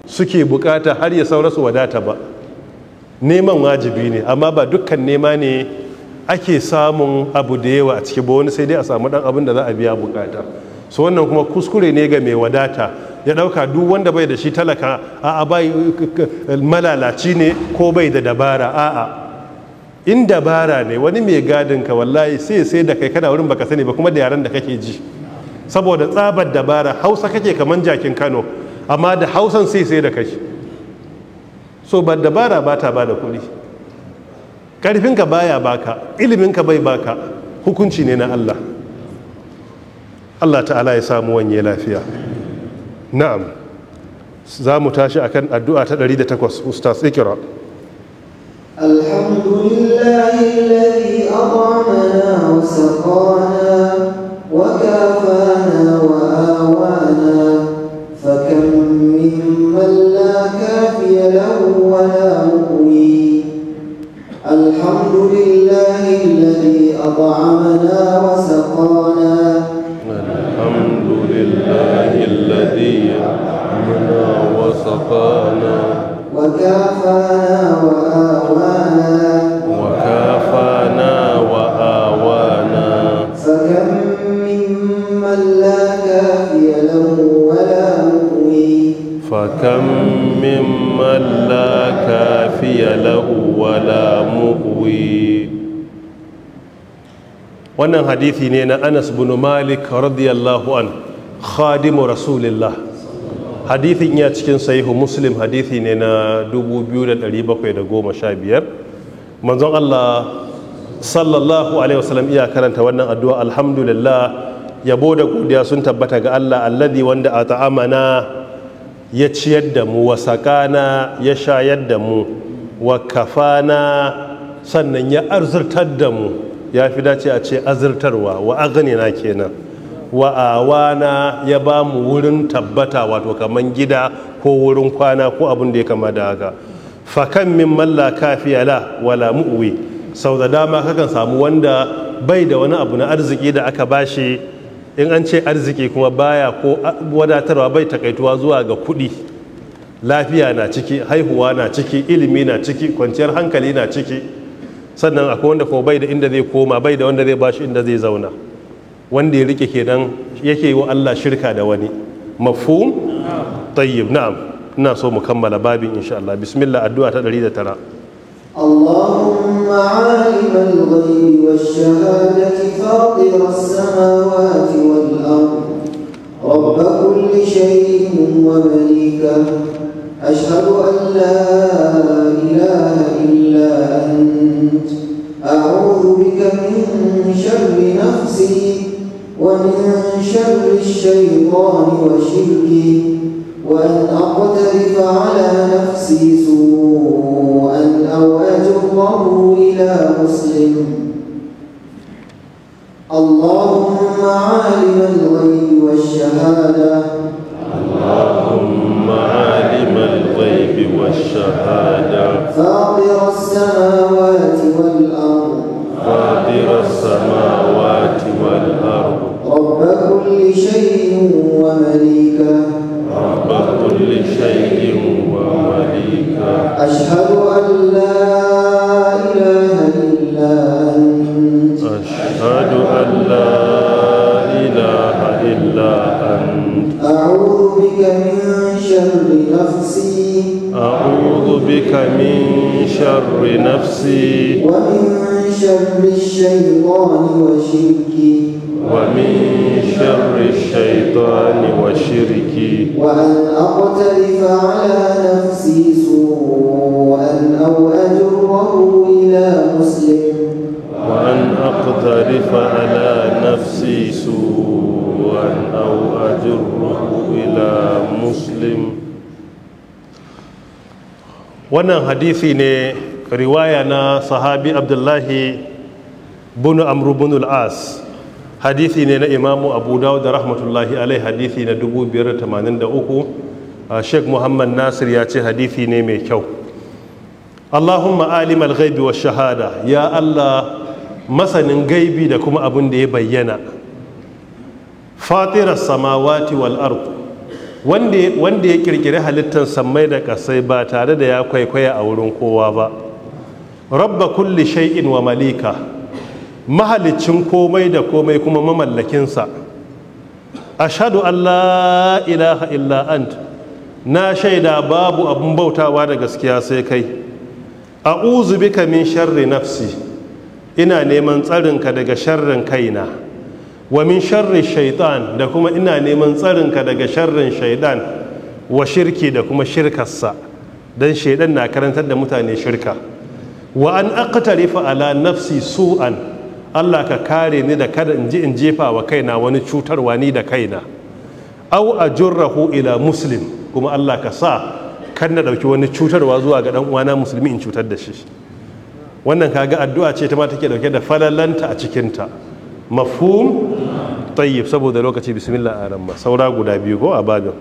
suke bukata har ya saura su wadata ba neman wajibi ne amma ba dukkan nema ne ake samun abu da yawa a ciki ba wani sai dai a samu dan abin da za a biya bukata so wannan kuma kuskure ne ga mai wadata ya dauka duk wanda bai da shi talaka a'a bai malalaci ne ko bai da dabara a'a in dabara ne wani mai gadin ka wallahi sai sai da kai kana wurin baka sani ba kuma da yaran da kake ji saboda tsabar dabara hausa kake kaman jakin kano amma da hausan sai sai da kai so ba dabara ba ta ba da kuɗi ƙarfinka baya baka iliminka bai baka hukunci ne na allah allah ta'ala ya samu wanye lafiya na'am za mu tashi akan addu'a ta 108 ustaz ikira الحمد لله الذي أطعمنا وسقانا wa وآوانا له ولا مؤوي الحمد لله الذي أطعمنا وسقانا الحمد لله الذي أطعمنا وسقانا وكافانا وآوانا وكافانا فكم ممن لا كافي له ولا wannan hadithi ne na anas bin malik radiyallahu an khadimu rasulillah hadithin ya cikin sahihu muslim hadithi ne na 2715 manzon allah sallallahu alaihi wasallam iya karanta wannan addu'a alhamdulillah yabo da godiya sun tabbata ga allah alladhi wanda a ta'amana ya ciyar da mu wa saƙana ya shayar da mu wa kafana sannan ya arzurtar da mu ya fi dace a ce azurtarwa wa na kenan wa awana ya ba mu wurin tabbata wato kamar gida ko wurin kwana ko abin da ya kama da haka fakan min malla kafiyala wala mu'wi sau da dama kakan samu wanda bai da wani abu na arziki da aka bashi in an ce arziki kuma baya ko wadatarwa bai takaituwa zuwa ga kuɗi lafiya na ciki haihuwa na ciki ilimi na ciki kwanciyar hankali na ciki sannan akwai wanda kuma bai da inda zai koma bai da wanda zai bashi inda zai zauna wanda ya rike kenan yake yi wa Allah shirka da wani mafhum tayyib na'am ina so mu kammala babin insha Allah bismillah addu'a ta 109 Allah اللهم عالم الغيب والشهادة فاطر السماوات والأرض رب كل شيء ومليكه أشهد أن لا إله إلا أنت أعوذ بك من شر نفسي ومن شر الشيطان وشركه وأن أقترف على نفسي سوءا أو أجره إلى مسلم اللهم عالم الغيب والشهادة اللهم عالم الغيب والشهادة فاطر السماوات والأرض فاطر السماوات والأرض رب كل شيء ومليكه رب كل شيء ومليكه أشهد أن لا إله إلا أنت أشهد أن لا إله إلا أنت أعوذ بك من شر نفسي أعوذ بك من شر نفسي ومن شر الشيطان وشركه ومن شر الشيطان وشركي وأن أقترف على نفسي سوءا أو أجره إلى مسلم وأن أقترف على نفسي سوءا أو أجره إلى مسلم wannan hadisi ne riwaya na sahabi abdullahi bunu amru bin al-as hadisi ne na imamu abu dawud da rahmatullahi alai hadisi na 583 sheikh muhammad nasir ya ce hadisi ne mai kyau allahumma alimal gaibi wa shahada ya allah masanin gaibi da kuma abin da ya bayyana fatirar samawati wal ardu wanda ya kirkiri halittar sammai da kasai ba tare da ya kwaikwaya a wurin kowa ba rabba kulli shay'in wa malika mahalicin komai da komai kuma mamallakinsa ashadu allah ilaha illa ant na shaida babu abin bautawa da gaskiya sai kai a bika min sharri nafsi ina neman tsarinka daga sharrin kaina wa min sharri shaitan da kuma ina neman tsarinka daga sharrin shaidan wa shirki da kuma shirkarsa don shaidan na karantar da mutane shirka wa an tarifa ala nafsi su'an Allah ka kare ni da kada in ji in jefa wa kaina wani cutarwa ni da kaina au a jurrahu ila muslim kuma Allah ka sa kan na dauki wani cutarwa zuwa ga dan uwana musulmi in cutar da shi wannan kaga addu'a ce ta ma take dauke da falalanta a cikin ta mafhum tayyib saboda lokaci bismillah aramma saura guda biyu ko a babin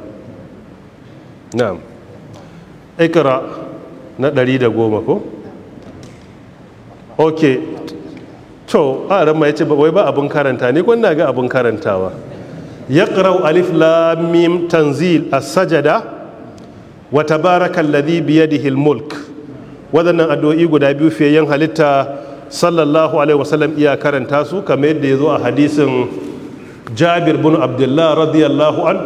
na'am ikra na 110 ko okay to a ran ya ce wai ba abun karanta ne kun na ga abun karantawa yaqra'u alif lamim tanzil a sajada wa tabaraka alladhi bi yadihi hilmulk mulk wadannan addu'o'i guda biyu fiye yin halitta sallallahu alaihi wasallam iya karanta su kamar yadda ya zo a hadisin Jabir bin Abdullah radiyallahu an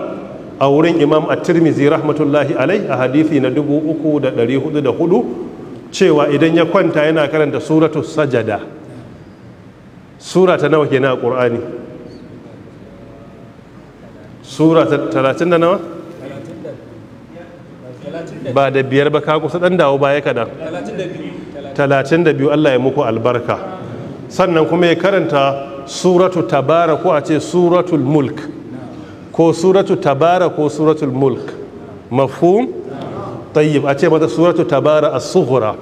a wurin Imam At-Tirmidhi rahmatullahi alai a hadisi na 3404 cewa idan ya kwanta yana karanta suratu sajada sura ta nawa kenan a ƙur'ani sura ta talatin da nawa ba da biyar ba ka kusa ɗan dawo baya kaɗan talatin da biyu allah ya muku albarka sannan kuma ya karanta suratu tabara ko a ce suratul mulk ko suratu tabara ko suratul mulk mafhum tayyib a ce mata suratu tabara as-sughra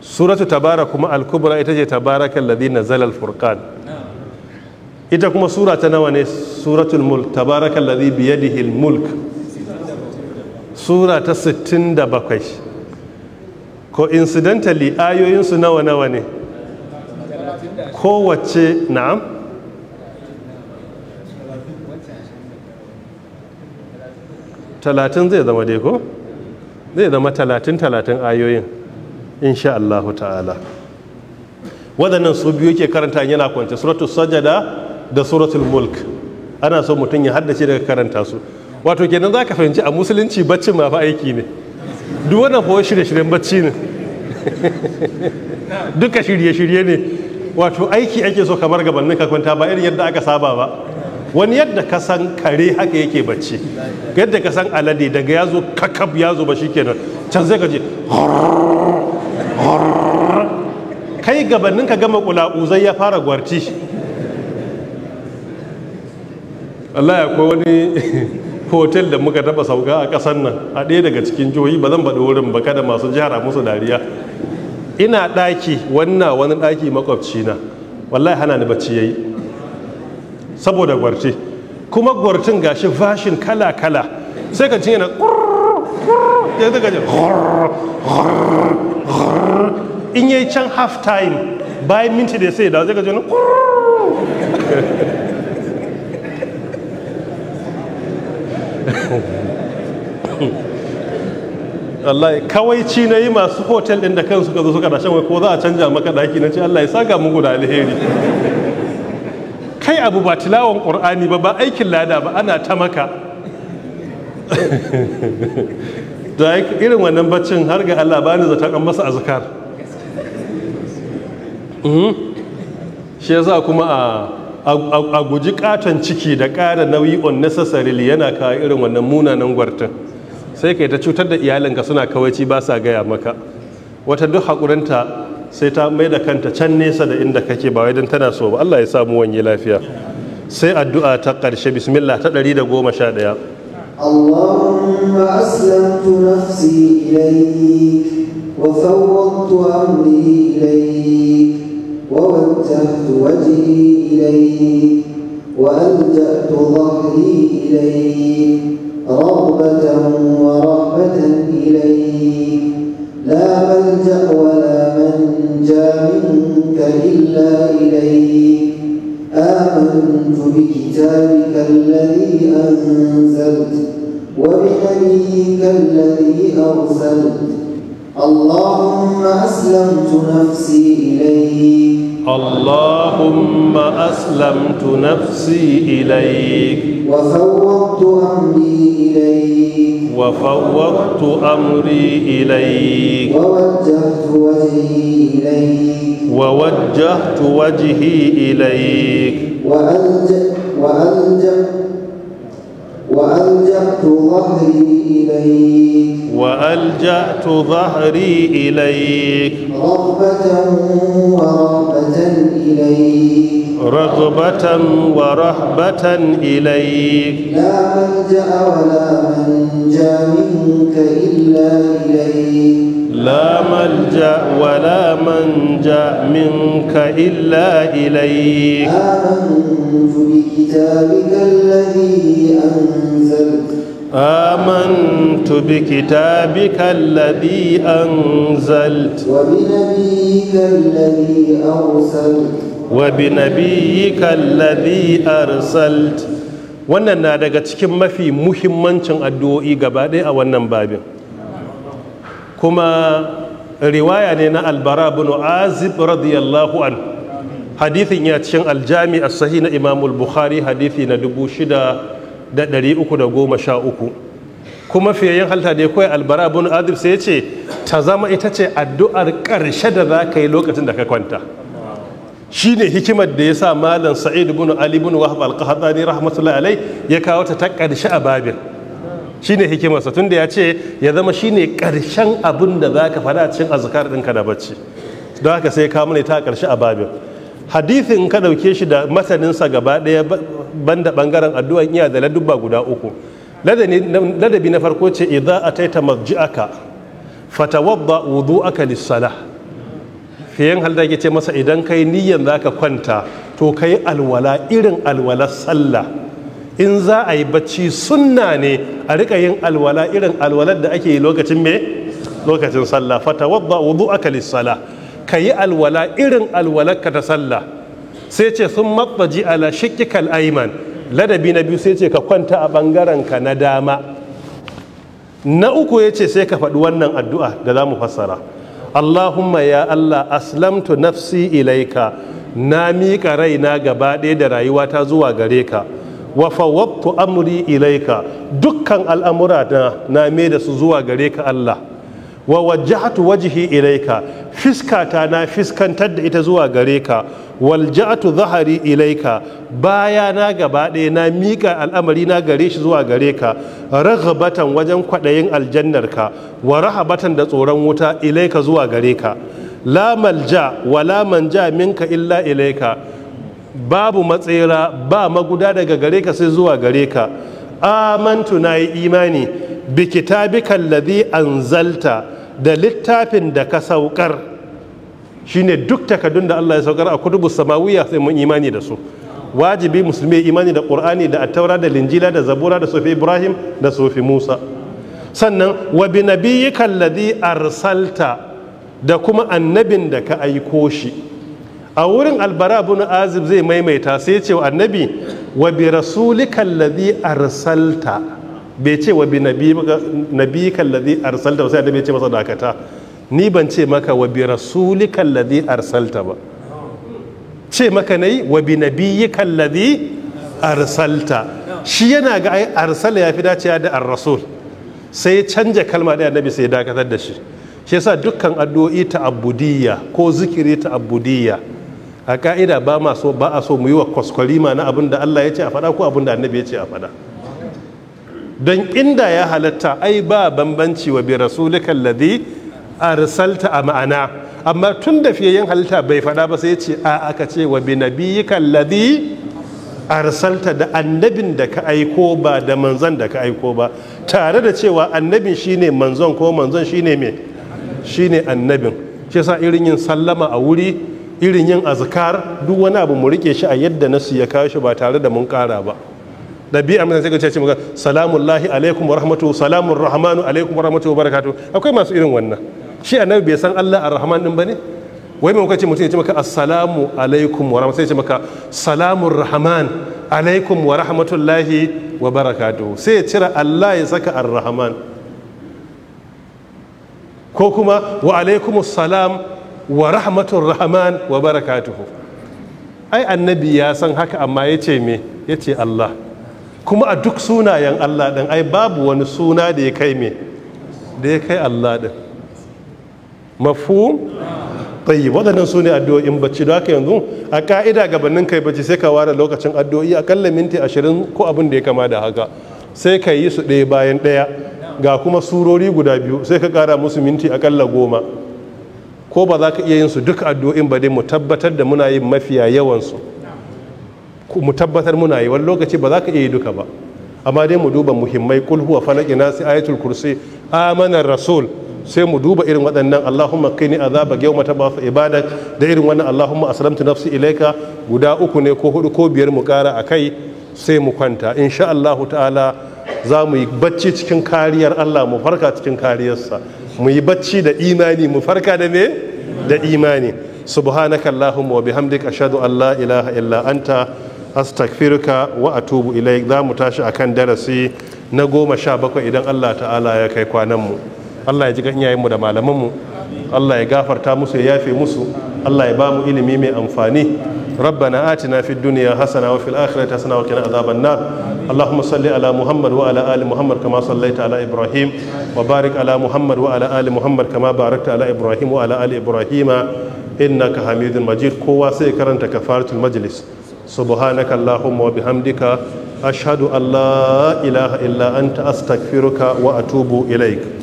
suratu tabara kuma al-kubra ita ce tabaraka alladhi nazala al-furqan ita kuma sura ta nawa ne suratul mulk tabarakal ladhi bi yadihi al mulk sura ta 67 ko incidentally ayoyin su nawa nawa ne kowace na'am talatin zai zama dai ko zai zama talatin talatin ayoyin insha Allah ta'ala waɗannan su biyu ke karanta yana kwance suratul sajada da suratul mulk ana so mutum ya haddace daga karanta su wato kenan za ka fahimci a musulunci baccin ma fa aiki ne duk wannan fa shirye-shiryen bacci ne duka shirye-shirye ne wato aiki ake so kamar gabanin ka kwanta ba irin yadda aka saba ba wani yadda ka san kare haka yake bacci yadda ka san alade daga yazo kakab yazo ba ba shikenan can zai gaji kai gabanin ka gama zai ya fara gwarci Allah ya kwa wani hotel da muka taba sauka a ƙasar nan a ɗaya daga cikin jihohi ba zan faɗi wurin ba kada masu jihar musu dariya ina ɗaki wannan wani ɗaki makwabci na wallahi hana ni bacci yayi saboda gwarce kuma gwarcin gashi fashin kala kala sai ka cinye na in yayi can half time bayan minti da sai da zai ka na wallahi ci na yi masu hotel ɗin da kansu ka zo suka dashen wai ko za a canja maka ɗaki na ce Allah ya saka muku da alheri kai abu ba tilawan ƙur'ani ba ba aikin lada ba ana ta maka da irin wannan baccin har ga Allah bani zata kan masa azkar mhm. shi yasa kuma a a guji katon ciki da ƙara nauyi unnecessarily yana kawo irin wannan munanan gwartin sai kai ta cutar da iyalinka suna kawaici ba sa gaya maka wata duk haƙurinta sai ta mai da kanta can nesa da inda kake ba wai don tana so ba Allah ya samu wanye lafiya sai addu'a ta ƙarshe bismillah ta ɗari da أسلمت نفسي إليك وفوضت أمري إليك ووجهت وجهي إليك وألجأت ظهري إليك رغبة ورحمة إليك لا ملجأ ولا منجا منك إلا إليك آمنت بكتابك الذي أنزلت وبنبيك الذي أرسلت اللهم أسلمت نفسي إليك اللهم أسلمت نفسي إليك وفوضت أمري إليك وفوضت أمري إليك ووجهت وجهي إليك ووجهت وجهي إليك وألجأ وألجأ وألجأت ظهري إليك وألجأت ظهري إليك رغبة ورهبة إليك رغبة ورهبة إليك لا ملجأ ولا منجا منك إلا إليك لا ملجا ولا منجا منك الا اليك امنت بكتابك الذي انزلت آمنت بكتابك الذي أنزلت وبنبيك الذي أرسلت وبنبيك الذي أرسلت wannan na daga cikin mafi muhimmancin addu'o'i gaba ɗaya a wannan babin kuma riwaya ne na albara bin azib radiyallahu an hadithin ya cikin aljami a sahi na imamul bukhari hadithi na 6,313 kuma fiyayen halta da ya koya albara bin azib sai ce ta zama ita ce addu'ar ƙarshe da za ka yi lokacin da ka kwanta shi ne hikimar da ya sa malam sa'id bin ali bin wahab alƙahatsani rahmatullahi alai ya kawo ta ta ƙarshe a babin shine hikimarsa tunda ya ce ya zama shine karshen abin da za zaka faɗa cikin azkar ɗinka da bacci don haka sai ka mana ta karshe a babin hadithin ka ɗauke shi da masaninsa gaba ɗaya banda ɓangaren addu'an iya da ladubba guda uku ladabi na farko ce a taita idza ataita marji'aka fatawadda wudu'aka aka salah fiyan halda ke ce masa idan kai niyyan ka kwanta to kai alwala irin alwalar sallah in za a yi bacci sunna ne a rika yin alwala irin alwalar da ake yi lokacin me lokacin sallah fata wadda wudu aka lissala ka yi alwala irin alwalar ka ta sallah sai ce sun matsaji ala shikikal aiman ladabi na biyu sai ce ka kwanta a ɓangaren ka na dama na uku ya ce sai ka faɗi wannan addu'a da za mu fassara allahumma ya allah aslamtu nafsi ilaika na miƙa raina gaba ɗaya da rayuwata zuwa gare ka wa fawwattu amri ilaika dukkan al'amura na na da su zuwa gare ka Allah wa wajjahatu wajhi ilaika fiskata na fiskantar da ita zuwa gare ka walja'atu zahari ilaika baya na gaba ɗaya na miƙa al'amari na gare shi zuwa gare ka raghabatan wajen kwaɗayin aljannar ka. wa rahabatan da tsoron wuta ilaika zuwa gare ka la malja wa la manja minka illa ilaika babu matsera ba maguda daga gare ka sai zuwa gare ka amantu na yi imani bi kitabika alladhi anzalta da littafin da ka saukar shine duk takaddun da Allah ya saukar a kutubus samawiya sai mun imani da su wajibi musulmi imani da qur'ani da attaura da linjila da zabura da sufi ibrahim da sufi musa sannan wa bi nabiyyika alladhi arsalta da kuma annabin da ka aiko shi a wurin albara bin azib zai maimaita sai ce wa annabi wa bi rasulikal ladhi arsalta bai ce wa bi nabiyikal ladhi arsalta sai annabi ya ce masa dakata ni ban ce maka wa bi rasulikal ladhi arsalta ba ce maka nayi wa bi nabiyikal ladhi arsalta shi yana ga ai arsala yafi dacewa da ar-rasul sai canja kalma da annabi sai dakatar da shi shi yasa dukkan addu'o'i ta abudiyya ko zikiri ta abudiyya a ka'ida ba a so mu yi wa kwaskwalima na abin da Allah ya ce a faɗa ko abin da annabi ya ce a faɗa don inda ya halatta ai ba bambanci wa bi rasulika alladhi arsalta a ma'ana amma tun da fiye yin halitta bai faɗa ba sai ce a aka ce wa bi nabiyyika alladhi arsalta da annabin da ka aiko ba da manzon da ka aiko ba tare da cewa annabin shine manzon ko manzon shine me shine annabin shi yasa irin yin sallama a wuri irin yin azkar duk wani abu mu rike shi a yadda nasu ya kawo shi ba tare da mun kara ba ɗabi'a mai sai ce maka salamullahi alaikum wa rahmatu salamun rahmanu alaikum wa rahmatu wa barakatu akwai masu irin wannan shi annabi bai san Allah ar-rahman din bane wai mai ce mutum ya ce maka assalamu alaikum wa rahmatu sai ce maka salamun rahman alaikum wa rahmatullahi wa barakatu sai ya cira Allah ya saka ar ko kuma wa alaikumus salam wa rahmatun rahman wa barakatuhu ai annabi ya san haka amma ya ce me ya ce Allah kuma a duk sunayen Allah ɗin ai babu wani suna da ya kai me da ya kai Allah ɗin Mafu, tsayi waɗannan su ne addu'o'in bacci da haka yanzu a ka'ida gabanin kai bacci sai ka ware lokacin addu'o'i akalla minti ashirin ko abin da ya kama da haka sai ka yi su ɗaya bayan ɗaya ga kuma surori guda biyu sai ka ƙara musu minti akalla goma ko ba za ka iya yin su duk addu'o'in ba dai mu tabbatar da muna yin mafiya yawansu mu tabbatar muna yi wani lokaci ba za ka iya yi duka ba amma dai mu duba muhimmai kul huwa falaki nasi ayatul kursi amanar rasul sai mu duba irin waɗannan allahumma qini azaba yawma tabafa ibadak da irin wannan allahumma aslamtu nafsi ilaika guda uku ne ko hudu ko biyar mu kara akai sai mu kwanta insha Allah ta'ala za mu yi bacci cikin kariyar Allah mu farka cikin kariyarsa mu yi bacci da imani mu farka da me da imani subhanaka allahumma wa bihamdika ashhadu an la ilaha illa anta astaghfiruka wa atubu ilaik za mu tashi akan darasi na goma sha bakwai idan Allah ta'ala ya kai kwanan mu Allah ya ji kan mu da malaman mu Allah ya gafarta musu ya yafe musu Allah ya ba mu ilimi mai amfani ربنا آتنا في الدنيا حسنة وفي الآخرة حسنة وقنا عذاب النار اللهم صل على محمد وعلى آل محمد كما صليت على إبراهيم وبارك على محمد وعلى آل محمد كما باركت على إبراهيم وعلى آل إبراهيم إنك حميد مجيد قوة سيكرنت كفارة المجلس سبحانك اللهم وبحمدك أشهد أن لا إله إلا أنت أستغفرك وأتوب إليك